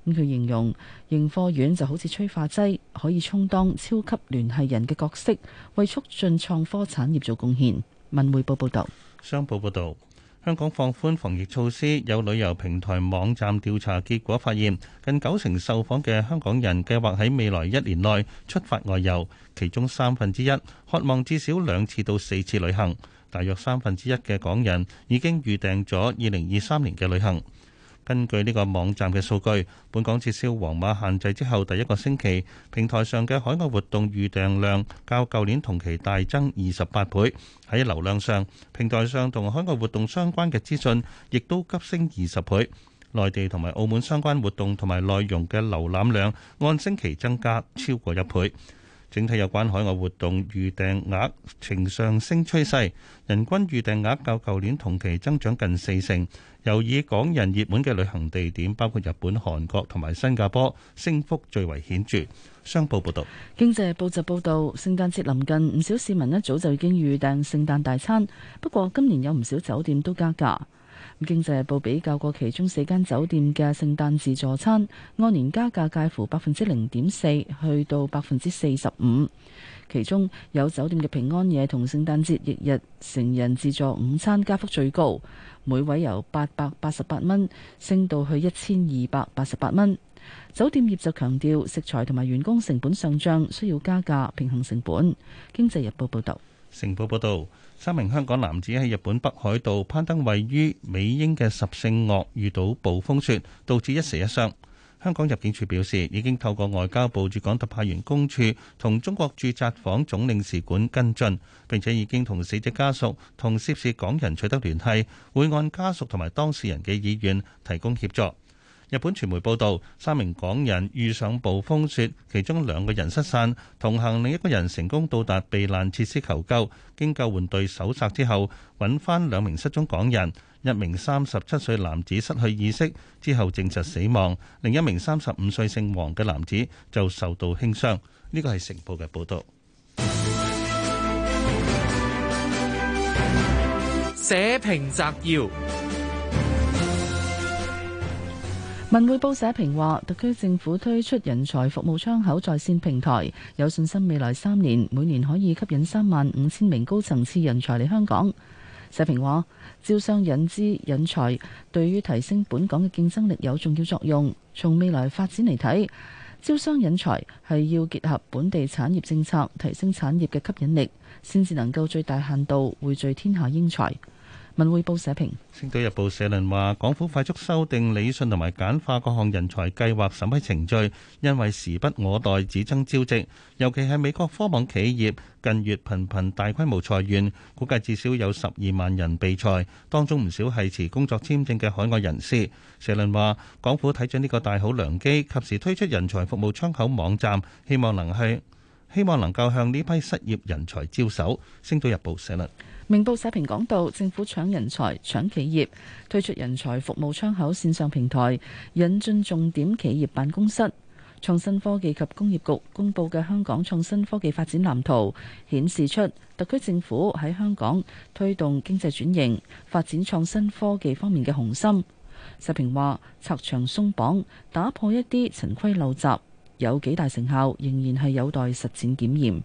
咁佢形容應科院就好似催化劑，可以充當超級聯繫人嘅角色，為促進創科產業做貢獻。文匯報報道，商報報導，香港放寬防疫措施，有旅遊平台網站調查結果發現，近九成受訪嘅香港人計劃喺未來一年內出發外遊，其中三分之一渴望至少兩次到四次旅行，大約三分之一嘅港人已經預訂咗二零二三年嘅旅行。根據呢個網站嘅數據，本港撤銷黃碼限制之後第一個星期，平台上嘅海外活動預訂量較舊年同期大增二十八倍。喺流量上，平台上同海外活動相關嘅資訊亦都急升二十倍。內地同埋澳門相關活動同埋內容嘅瀏覽量按星期增加超過一倍。整體有關海外活動預訂額呈上升趨勢，人均預訂額較舊年同期增長近四成。又以港人熱門嘅旅行地點包括日本、韓國同埋新加坡，升幅最為顯著。商報報導，經濟報則報導，聖誕節臨近，唔少市民一早就已經預訂聖誕大餐。不過今年有唔少酒店都加價。經濟日報比較過其中四間酒店嘅聖誕自助餐，按年加價介乎百分之零點四，去到百分之四十五。其中有酒店嘅平安夜同聖誕節翌日，日成人自助午餐加幅最高，每位由八百八十八蚊升到去一千二百八十八蚊。酒店業就強調食材同埋員工成本上漲，需要加價平衡成本。經濟日報報道，成報報道。三名香港男子喺日本北海道攀登位於美瑛嘅十勝岳，遇到暴風雪，導致一死一傷，香港入境處表示，已經透過外交部駐港特派員公署同中國駐札幌總領事館跟進，並且已經同死者家屬同涉事港人取得聯繫，會按家屬同埋當事人嘅意願提供協助。日本傳媒報道，三名港人遇上暴風雪，其中兩個人失散，同行另一個人成功到達避難設施求救。經救援隊搜查之後，揾翻兩名失蹤港人，一名三十七歲男子失去意識之後證實死亡，另一名三十五歲姓黃嘅男子就受到輕傷。呢個係成報嘅報道。社評摘要。文匯報社評話，特區政府推出人才服務窗口在線平台，有信心未來三年每年可以吸引三萬五千名高層次人才嚟香港。社評話，招商引資引才對於提升本港嘅競爭力有重要作用。從未來發展嚟睇，招商引才係要結合本地產業政策，提升產業嘅吸引力，先至能夠最大限度匯聚天下英才。文匯報社評：星島日報社論話，港府快速修訂、理順同埋簡化各項人才計劃審批程序，因為時不我待，只爭朝夕。尤其係美國科網企業近月頻頻大規模裁員，估計至少有十二萬人被裁，當中唔少係持工作簽證嘅海外人士。社論話，港府睇準呢個大好良機，及時推出人才服務窗口網站，希望能去希望能夠向呢批失業人才招手。星島日報社論。明報社評講到，政府搶人才、搶企業，推出人才服務窗口線上平台，引進重點企業辦公室。創新科技及工業局公布嘅《香港創新科技發展藍圖》顯示出特區政府喺香港推動經濟轉型、發展創新科技方面嘅雄心。社評話拆牆鬆綁，打破一啲陳規陋習，有幾大成效，仍然係有待實踐檢驗。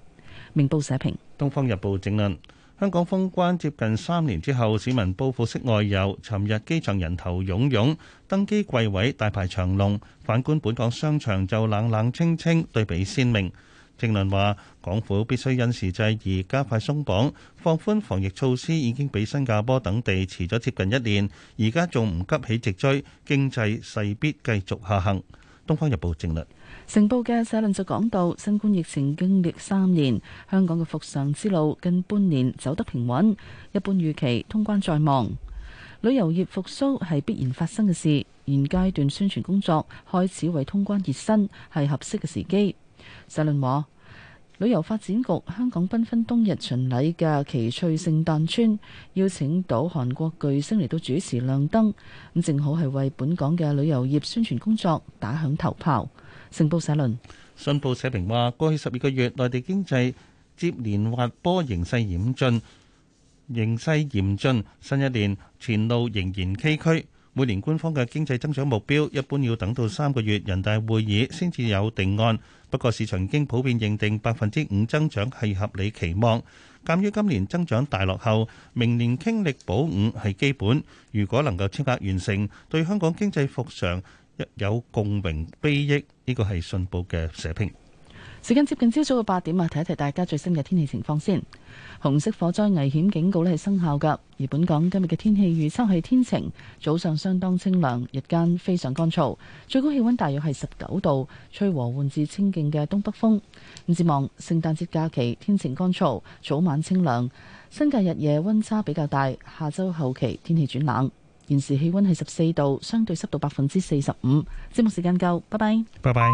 明報社評，東方日報正論。香港封關接近三年之後，市民報復式外遊，尋日機場人頭涌涌，登機櫃位大排長龍。反觀本港商場就冷冷清清，對比鮮明。正論話：港府必須因時制宜，加快鬆綁，放寬防疫措施，已經比新加坡等地遲咗接近一年，而家仲唔急起直追，經濟勢必繼續下行。東方日報正論。成報嘅社論就講到，新冠疫情經歷三年，香港嘅復常之路近半年走得平穩，一般預期通關在望，旅遊業復甦係必然發生嘅事。現階段宣傳工作開始為通關熱身係合適嘅時機。社論話，旅遊發展局香港繽紛冬日巡禮嘅奇趣聖，聖誕村邀請到韓國巨星嚟到主持亮燈，咁正好係為本港嘅旅遊業宣傳工作打響頭炮。晨報社論，信報社評話：過去十二個月，內地經濟接連滑坡，形勢嚴峻。形勢嚴峻，新一年前路仍然崎嶇。每年官方嘅經濟增長目標，一般要等到三個月人大會議先至有定案。不過市場已經普遍認定百分之五增長係合理期望。鑑於今年增長大落後，明年傾力保五係基本。如果能夠超額完成，對香港經濟復常。有共鳴悲益，呢個係信報嘅社評。時間接近朝早嘅八點啊，提一提大家最新嘅天氣情況先。紅色火災危險警告咧係生效嘅，而本港今日嘅天氣預測係天晴，早上相當清涼，日間非常乾燥，最高氣温大約係十九度，吹和緩至清勁嘅東北風。咁展望聖誕節假期天晴乾燥，早晚清涼，新界日夜温差比較大，下周後期天氣轉冷。現時氣溫係十四度，相對濕度百分之四十五。節目時間夠，拜拜。拜拜。